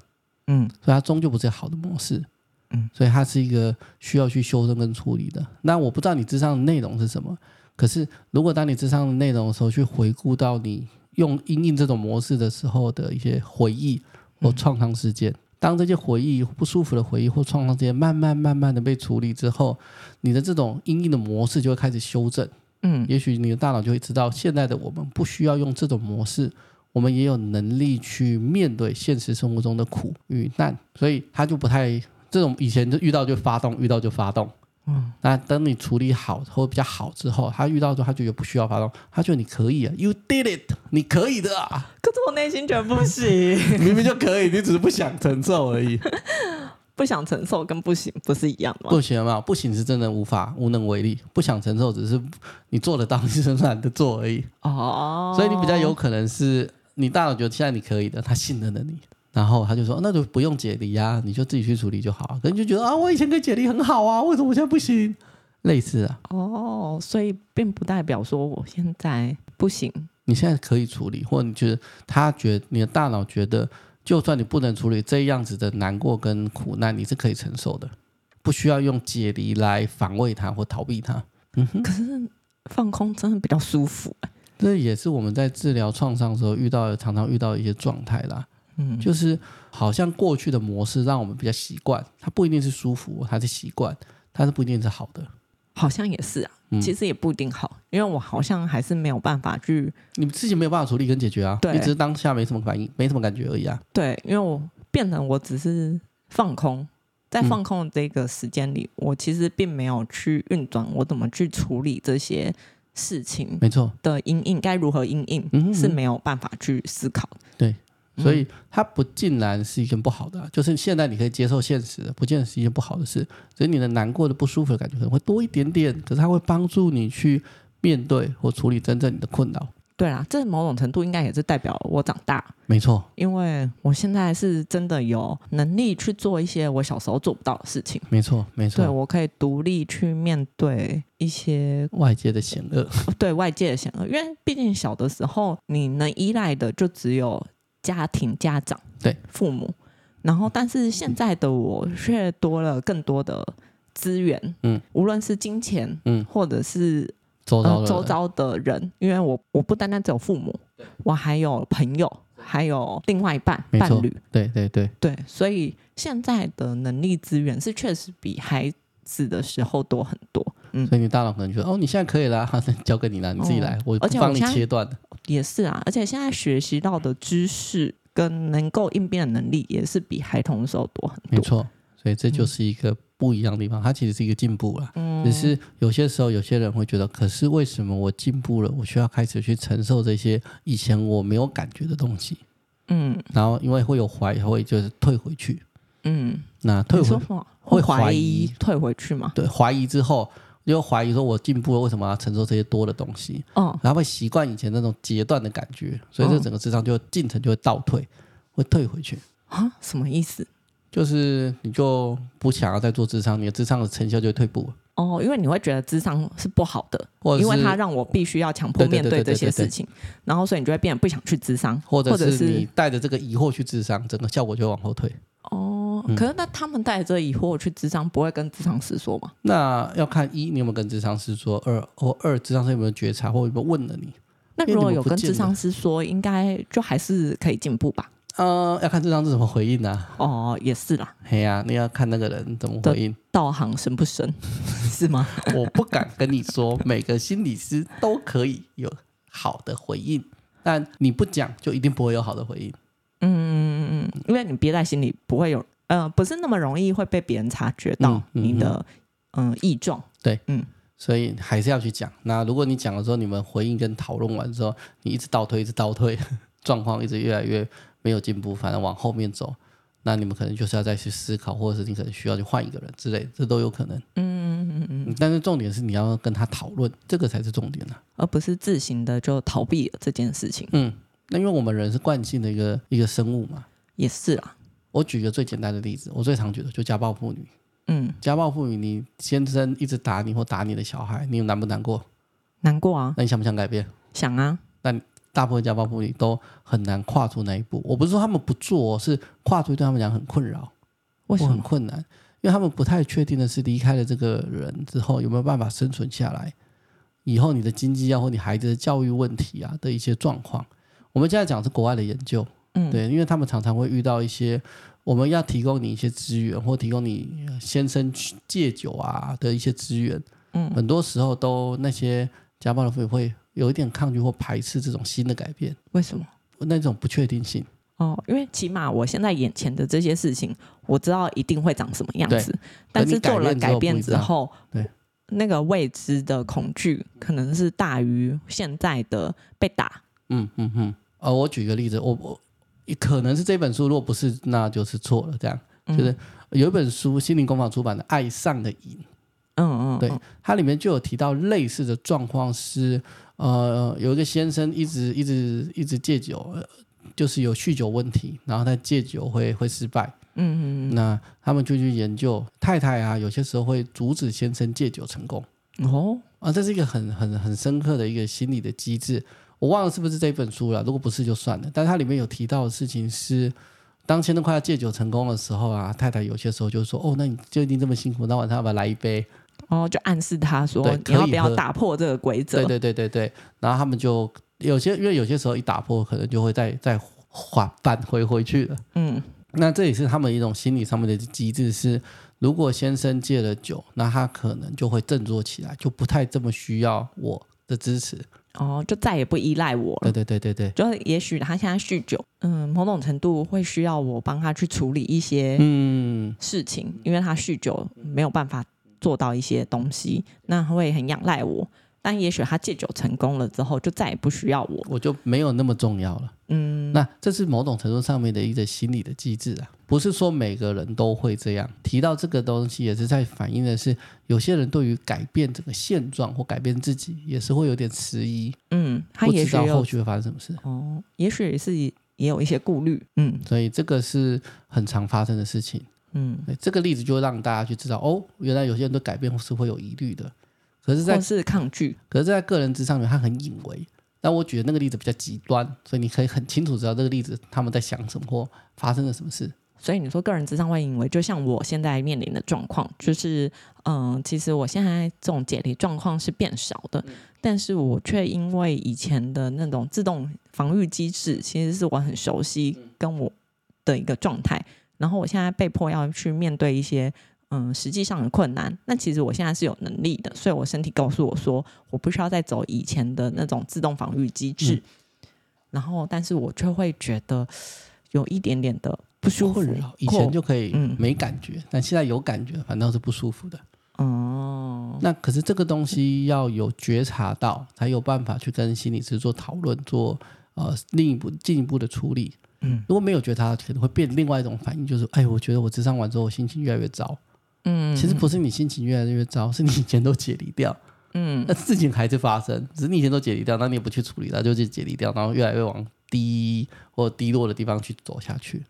嗯，所以它終究不是一個好的模式，嗯，所以它是一個需要去修正跟處理的。那我不知道你諮商的內容是什麼。可是，如果當你諮商的內容的時候，去回顧到你用因應這種模式的時候的一些回憶或創傷事件，嗯，當這些回憶，不舒服的回憶或創傷事件、嗯、慢慢慢慢的被處理之後，你的這種因應的模式就會開始修正。嗯，也許你的大腦就會知道，現在的我們不需要用這種模式，我們也有能力去面對現實生活中的苦與難，所以他就不太這種以前就遇到就發動，遇到就發動。嗯，那等你處理好或比較好之後，他遇到的時候他就覺得不需要發動，他覺得你可以啊，You did it，你可以的啊。可是我內心覺得不行， (laughs) 明明就可以，你只是不想承受而已。 (laughs) 不想承受跟不行不是一樣嗎？不行嘛，不行是真的無法無能為力，不想承受只是你做得到就是懶得做而已。哦，所以你比較有可能是你大腦覺得現在你可以的，他信任了你。然後他就說：“那就不用解離呀、啊，你就自己去處理就好。”可是你就覺得啊，我以前跟解離很好啊，為什麼我現在不行？類似啊，哦，所以並不代表說我現在不行。你現在可以處理，或者你覺得他覺得你的大腦覺得，就算你不能處理這樣子的難過跟苦難，你是可以承受的，不需要用解離來防衛它或逃避它。嗯哼。可是放空真的比較舒服、啊。這也是我們在治療創傷的時候遇到，常常遇到的一些狀態啦。嗯，就是好像過去的模式讓我們比較習慣，它不一定是舒服，它是習慣，它是不一定是好的。好像也是啊、嗯，其實也不一定好，因為我好像還是沒有辦法去，你自己沒有辦法處理跟解決啊。對，只是當下沒什麼反應，沒什麼感覺而已啊。對，因為我變成我只是放空，在放空的這個時間裡、嗯，我其實並沒有去運轉我怎麼去處理這些事情。沒錯，的因應該如何因應、嗯嗯、是沒有辦法去思考的。對。所以它不盡然是一件不好的啊，就是現在你可以接受現實的，不盡然是一件不好的事。所以你的難過的不舒服的感覺可能會多一點點，可是它會幫助你去面對或處理真正你的困擾。對啦，這某種程度應該也是代表我長大。沒錯，因為我現在是真的有能力去做一些我小時候做不到的事情。沒錯，沒錯，對，我可以獨立去面對一些外界的險惡，對外界的險惡，因為畢竟小的時候你能依賴的就只有家庭、家長、對，父母，然後，但是現在的我卻多了更多的資源，嗯，無論是金錢，嗯，或者是周遭、呃、周遭的人，因為我我不單單只有父母，對，我還有朋友，還有另外一半伴侶，對對對對，所以現在的能力資源是確實比孩子的時候多很多。所以你大腦可能覺得哦，你現在可以了，交給你了，你自己來，我幫你切斷也是啊。而且現在學習到的知識跟能夠應變的能力，也是比孩童的時候多很多。沒錯，所以這就是一個不一樣的地方，嗯、它其實是一個進步了、嗯。只是有些時候有些人會覺得，可是為什麼我進步了，我需要開始去承受這些以前我沒有感覺的東西？嗯，然後因為會有懷疑，會就是退回去。嗯，那退回去會懷疑，會懷疑退回去嗎？對，懷疑之後。就懷疑說，我進步了，為什麼要承受這些多的東西？Oh. 然後會習慣以前那種截斷的感覺，所以這整個諮商就、oh. 進程就會倒退，會退回去。啊、huh?，什麼意思？就是你就不想要再做諮商，你的諮商的成效就會退步哦，oh, 因為你會覺得諮商是不好的，或因為它讓我必須要強迫面對這些事情，對對對對對對對對，然後所以你就會變得不想去諮商，或者是，或者是你帶着這個疑惑去諮商，整個效果就會往後退。哦、oh.。可是那他們帶着疑惑去諮商，不會跟諮商師說嗎、嗯？那要看一，你有沒有跟諮商師說；二或二，諮商師有沒有覺察，或有沒有問了你。那如果有跟諮商師說，應該就還是可以進步吧？呃，要看諮商師怎麼回應呢、啊？哦，也是啦。嘿呀、啊，你要看那個人怎麼回應，道行深不深是嗎？ (laughs) 我不敢跟你說， (laughs) 每個心理師都可以有好的回應，但你不講，就一定不會有好的回應。嗯，因為你憋在心裡，不會有。呃，不是那麼容易會被別人察覺到你的嗯異、嗯嗯呃、狀，對，嗯，所以還是要去講。那如果你講的時候，你們回應跟討論完之後，你一直倒退，一直倒退，狀況一直越來越沒有進步，反而往後面走，那你們可能就是要再去思考，或者是你可能需要去換一個人之類，這都有可能。嗯嗯嗯嗯。但是重點是你要跟他討論，這個才是重點呢、啊，而不是自行的就逃避這件事情。嗯，那因為我們人是慣性的一個一個生物嘛，也是啊。我舉個最簡單的例子，我最常舉的就家暴婦女。嗯，家暴婦女，你先生一直打你或打你的小孩，你有難不難過？難過啊！那你想不想改變？想啊！但大部分家暴婦女都很難跨出那一步。我不是說他們不做，是跨出對他們講很困擾，為什麼很困難？因為他們不太確定的是離開了這個人之後有沒有辦法生存下來，以後你的經濟啊或你孩子的教育問題啊的一些狀況。我們現在講是國外的研究。嗯，對，因為他們常常會遇到一些，我們要提供你一些資源，或提供你先生戒酒啊的一些資源。嗯，很多時候都那些家暴的會會有一點抗拒或排斥這種新的改變。為什麼？那種不確定性。哦，因為起碼我現在眼前的這些事情，我知道一定會長什麼樣子。是，但是做了改變之後，對，那個未知的恐懼可能是大於現在的被打。嗯嗯嗯。呃、嗯嗯哦，我舉個例子，我我。也可能是這本書，如果不是，那就是錯了。這樣就是有一本書，嗯、心靈工坊出版的《愛上的癮》，嗯，嗯嗯，對，它裡面就有提到類似的狀況是，呃，有一個先生一直一直一直戒酒，呃，就是有酗酒問題，然後他戒酒會會失敗，嗯嗯，嗯那他們就去研究太太啊，有些時候會阻止先生戒酒成功。嗯、哦啊，這是一個很很很深刻的一個心理的機制。我忘了是不是這一本書了，如果不是就算了。但它裡面有提到的事情是，當先生快要戒酒成功的時候啊，太太有些時候就說：“哦，那你就一定這麼辛苦？那晚上要不要來一杯？”哦，就暗示他說：“可你要不要打破這個規則？”對對對對對。然後他們就有些，因為有些時候一打破，可能就會再再反返回回去了。嗯，那這也是他們一種心理上面的機制是：如果先生戒了酒，那他可能就會振作起來，就不太這麼需要我的支持。哦，就再也不依賴我了。對對對對對，就也許他現在酗酒，嗯，某種程度會需要我幫他去處理一些嗯事情嗯，因為他酗酒沒有辦法做到一些東西，那會很仰賴我。但也許他戒酒成功了之後，就再也不需要我，我就沒有那麼重要了。嗯，那這是某種程度上面的一個心理的機制啊，不是說每個人都會這樣。提到這個東西，也是在反映的是，有些人對於改變這個現狀或改變自己，也是會有點遲疑。嗯，他也不知道後續會發生什麼事。哦，也許也是也有一些顧慮。嗯，所以這個是很常發生的事情。嗯，欸，這個例子就讓大家去知道，哦，原來有些人對改變是會有疑慮的。可是在，在是抗拒。可是，在個人之上以為他很隱微。那我舉的那個例子比較極端，所以你可以很清楚知道這個例子他們在想什麼或發生了什麼事。所以你說個人之上會隱微，就像我現在面臨的狀況，就是嗯、呃，其實我現在這種解離狀況是變少的，嗯、但是我卻因為以前的那種自動防禦機制，其實是我很熟悉跟我的一個狀態，然後我現在被迫要去面對一些。嗯，實際上很困難。那其實我現在是有能力的，所以我身體告訴我說，我不需要再走以前的那種自動防御機制。嗯、然後，但是我卻會覺得有一點點的不舒服。以前就可以沒感覺、嗯，但現在有感覺，反倒是不舒服的。哦，那可是這個東西要有覺察到，才有辦法去跟心理師做討論，做呃另一步進一步的處理。嗯，如果沒有覺察，可能會變另外一種反應，就是哎，我覺得我諮商完之後心情越來越糟。嗯，其實不是你心情越來越糟，是你以前都解離掉。嗯，那事情還是發生，只是你以前都解離掉，那你也不去處理，那就去解離掉，然後越來越往低或低落的地方去走下去。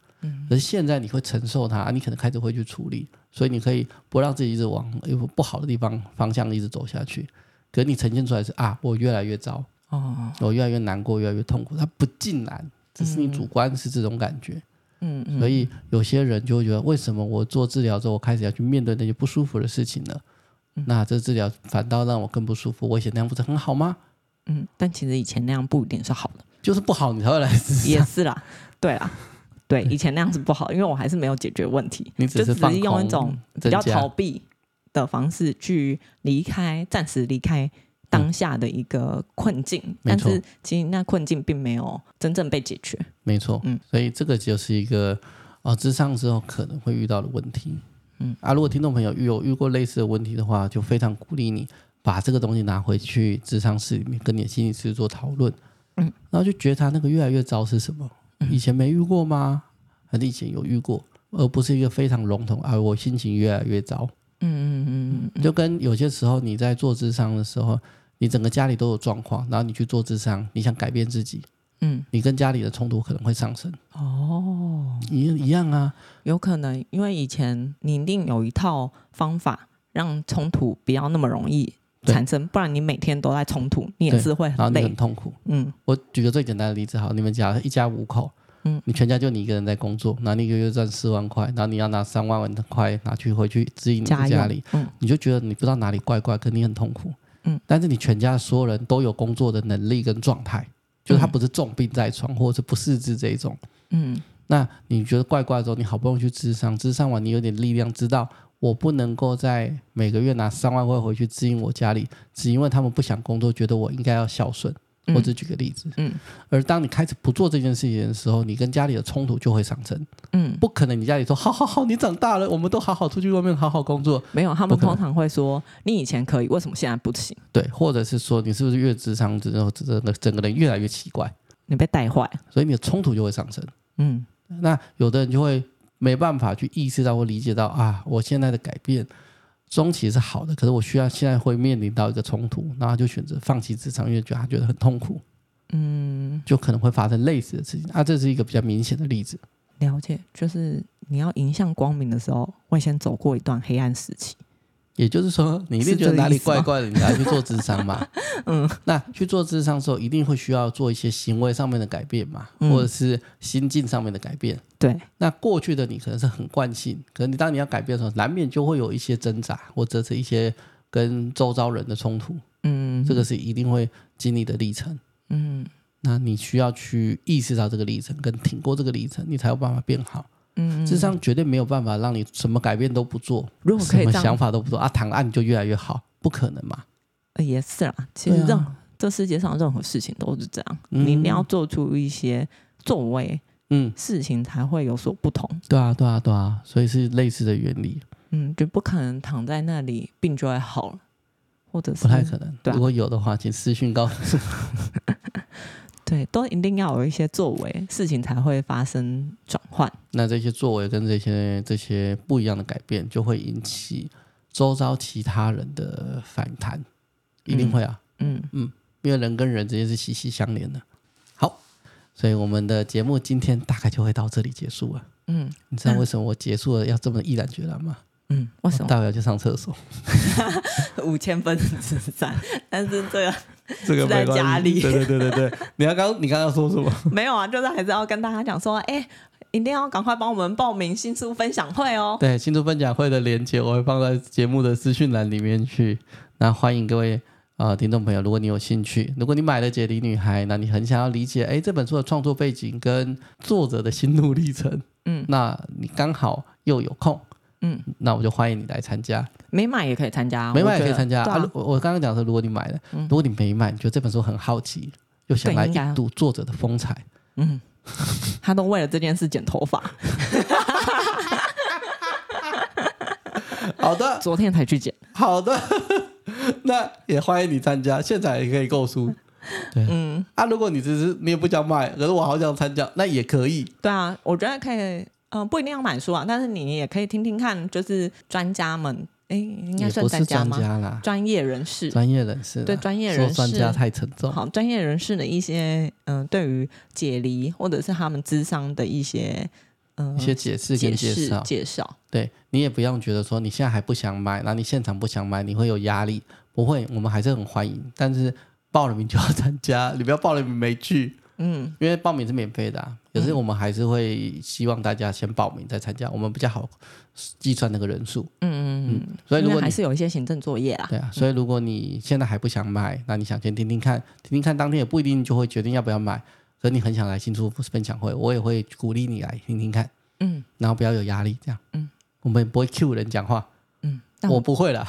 可是現在你會承受它，啊，你可能開始會去處理，所以你可以不讓自己一直往不好的地方方向一直走下去。可是你呈現出來是啊，我越來越糟，哦，我越來越難過，越來越痛苦。它不盡然，只是你主觀是這種感覺。嗯嗯，嗯，所以有些人就會覺得，為什麼我做治療之後，我開始要去面對那些不舒服的事情呢？嗯、那這治療反倒讓我更不舒服。我以前那樣不是很好嗎？嗯，但其實以前那樣不一定是好的，就是不好，你才會來。也是啦，對啦，對，對以前那樣子不好，因為我還是沒有解決問題，你只是，只是用一種比較逃避的方式去離開，暫時離開。當下的一個困境，嗯，但是其實那困境並沒有真正被解決。沒錯，嗯，所以這個就是一個啊，諮商之後可能會遇到的問題。嗯，啊，如果聽眾朋友遇有遇過類似的問題的話，就非常鼓勵你把這個東西拿回去諮商室裡面跟你的心理師做討論。嗯，然後就覺察那個越來越糟是什麼，嗯？以前沒遇過嗎？還是以前有遇過？而不是一個非常籠統，而、啊、我心情越來越糟。嗯嗯嗯嗯，就跟有些時候你在做諮商的時候，你整個家裡都有狀況，然後你去做諮商，你想改變自己，嗯，你跟家裡的衝突可能會上升。哦，一一樣啊，有可能因為以前你一定有一套方法讓衝突不要那麼容易產生，不然你每天都在衝突，你也是會很累，然後你很痛苦。嗯，我舉個最簡單的例子，好，你們家一家五口。嗯、你全家就你一個人在工作，那你一個月賺四萬塊，然後你要拿三萬塊拿去回去支援你的家裡，嗯，你就覺得你不知道哪裡怪怪，肯定很痛苦，嗯，但是你全家所有人都有工作的能力跟狀態，就是他不是重病在床，嗯、或者是不識字這一種，嗯，那你覺得怪怪的時候，你好不容易去諮商，諮商完你有點力量，知道我不能夠在每個月拿三萬塊回去支援我家裡，只因為他們不想工作，覺得我應該要孝順。我只舉個例子，嗯，嗯，而當你開始不做這件事情的時候，你跟家裡的衝突就會上升，嗯，不可能你家裡說好好好，你長大了，我們都好好出去外面好好工作，沒有，他們通常會說你以前可以，為什麼現在不行？對，或者是說你是不是越諮商之後，然後真的整個人越來越奇怪，你被帶壞，所以你的衝突就會上升，嗯，那有的人就會沒辦法去意識到或理解到啊，我現在的改變。中期是好的，可是我需要現在會面臨到一個衝突，然後就選擇放棄職場，因為覺得他覺得很痛苦，嗯，就可能會發生類似的事情。啊，這是一個比較明顯的例子。了解，就是你要迎向光明的時候，會先走過一段黑暗時期。也就是說，你一定覺得哪裡怪怪的，你要去做諮商嘛？ (laughs) 嗯，那去做諮商的時候一定會需要做一些行為上面的改變嘛、嗯，或者是心境上面的改變。對，那過去的你可能是很慣性，可能你當你要改變的時候，難免就會有一些掙扎，或者是一些跟周遭人的衝突。嗯，這個是一定會經歷的歷程。嗯，那你需要去意識到這個歷程，跟挺過這個歷程，你才有辦法變好。嗯，諮商絕對沒有辦法讓你什麼改變都不做。如果可以，什麼想法都不做啊，躺下你就越來越好，不可能嘛？呃，也是啦。其實這、啊、這世界上任何事情都是這樣，你、嗯、你要做出一些作為，嗯，事情才會有所不同。對啊，對啊，對啊。所以是類似的原理。嗯，就不可能躺在那裡病就會好了，或者是不太可能對、啊。如果有的話，請私訊告訴你。 (laughs) 對，都一定要有一些作為，事情才會發生轉換。那這些作為跟這些這些不一樣的改變，就會引起周遭其他人的反彈，一定會啊，嗯嗯，嗯，因為人跟人之間是息息相連的。好，所以我們的節目今天大概就會到這裡結束了，啊嗯。嗯，你知道為什麼我結束了要這麼毅然決然嗎？嗯，為什麼？待會要去上廁所。哈哈，五千分之三，但是這個這個 (laughs) 在家裡， (laughs) 對對對對對。你要剛你剛剛要說什麼？ (laughs) 沒有啊，就是還是要跟大家講說，哎，一定要趕快幫我們報名新書分享會哦。對，新書分享會的連結我會放在節目的資訊欄裡面去。那歡迎各位啊、呃，聽眾朋友，如果你有興趣，如果你買了《解離女孩》，那你很想要理解哎這本書的創作背景跟作者的心路歷程，嗯，那你剛好又有空。嗯，那我就歡迎你來參加。沒買也可以參加，沒買也可以參加啊！我、啊、我剛剛講的是如果你買了、嗯，如果你沒買，你覺得這本書很好奇，又、嗯、想來一睹作者的風采，嗯， (laughs) 他都為了這件事剪頭髮。 (laughs) (laughs) 好的，昨天才去剪。好的，好的 (laughs) 那也歡迎你參加，現在也可以購書。對，嗯啊，如果你只是你也不想買，可是我好想參加，那也可以。對啊，我覺得可以。嗯、呃，不一定要買書啊，但是你也可以聽聽看，就是專家們，哎、欸，應該算專家嗎？專業人士，專、嗯、業，業人士，對，專業人士。專家太沉重。好，專業人士的一些嗯、呃，對於解離或者是他們諮商的一些嗯，一、呃、些解釋、解釋、介紹。對，你也不要覺得說你現在還不想買，那你現場不想買，你會有壓力？不會，我們還是很歡迎。但是報了名就要參加，你不要報了名沒去。嗯，因為報名是免費的、啊，可是我們還是會希望大家先報名再參加、嗯，我們比較好計算那個人數。嗯嗯嗯。所以如果你還是有一些行政作業啊。對啊，所以如果你現在還不想買，嗯，那你想先聽聽看，聽聽看，當天也不一定就會決定要不要買。所以你很想來新書分享會，我也會鼓勵你來聽聽看。嗯，然後不要有壓力，這樣。嗯。我們也不會 cue 人講話。嗯。但我，我不會了。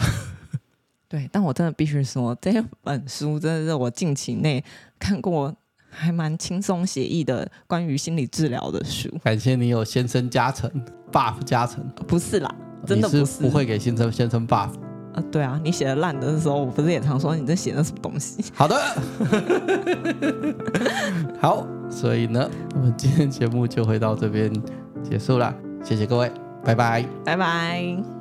(laughs) 對，但我真的必須說，這本書真的是我近期內看過。還蠻輕鬆寫意的，關於心理治療的書。感謝你有先生加成 (laughs) ，buff 加成。不是啦，真的不是，是不會給先生先生 buff。呃，對啊，你寫的爛的時候，我不是也常說你在寫那什麼東西？好的， (laughs) (laughs) 好，所以呢，我們今天節目就會到這邊結束了，謝謝各位，拜拜，拜拜。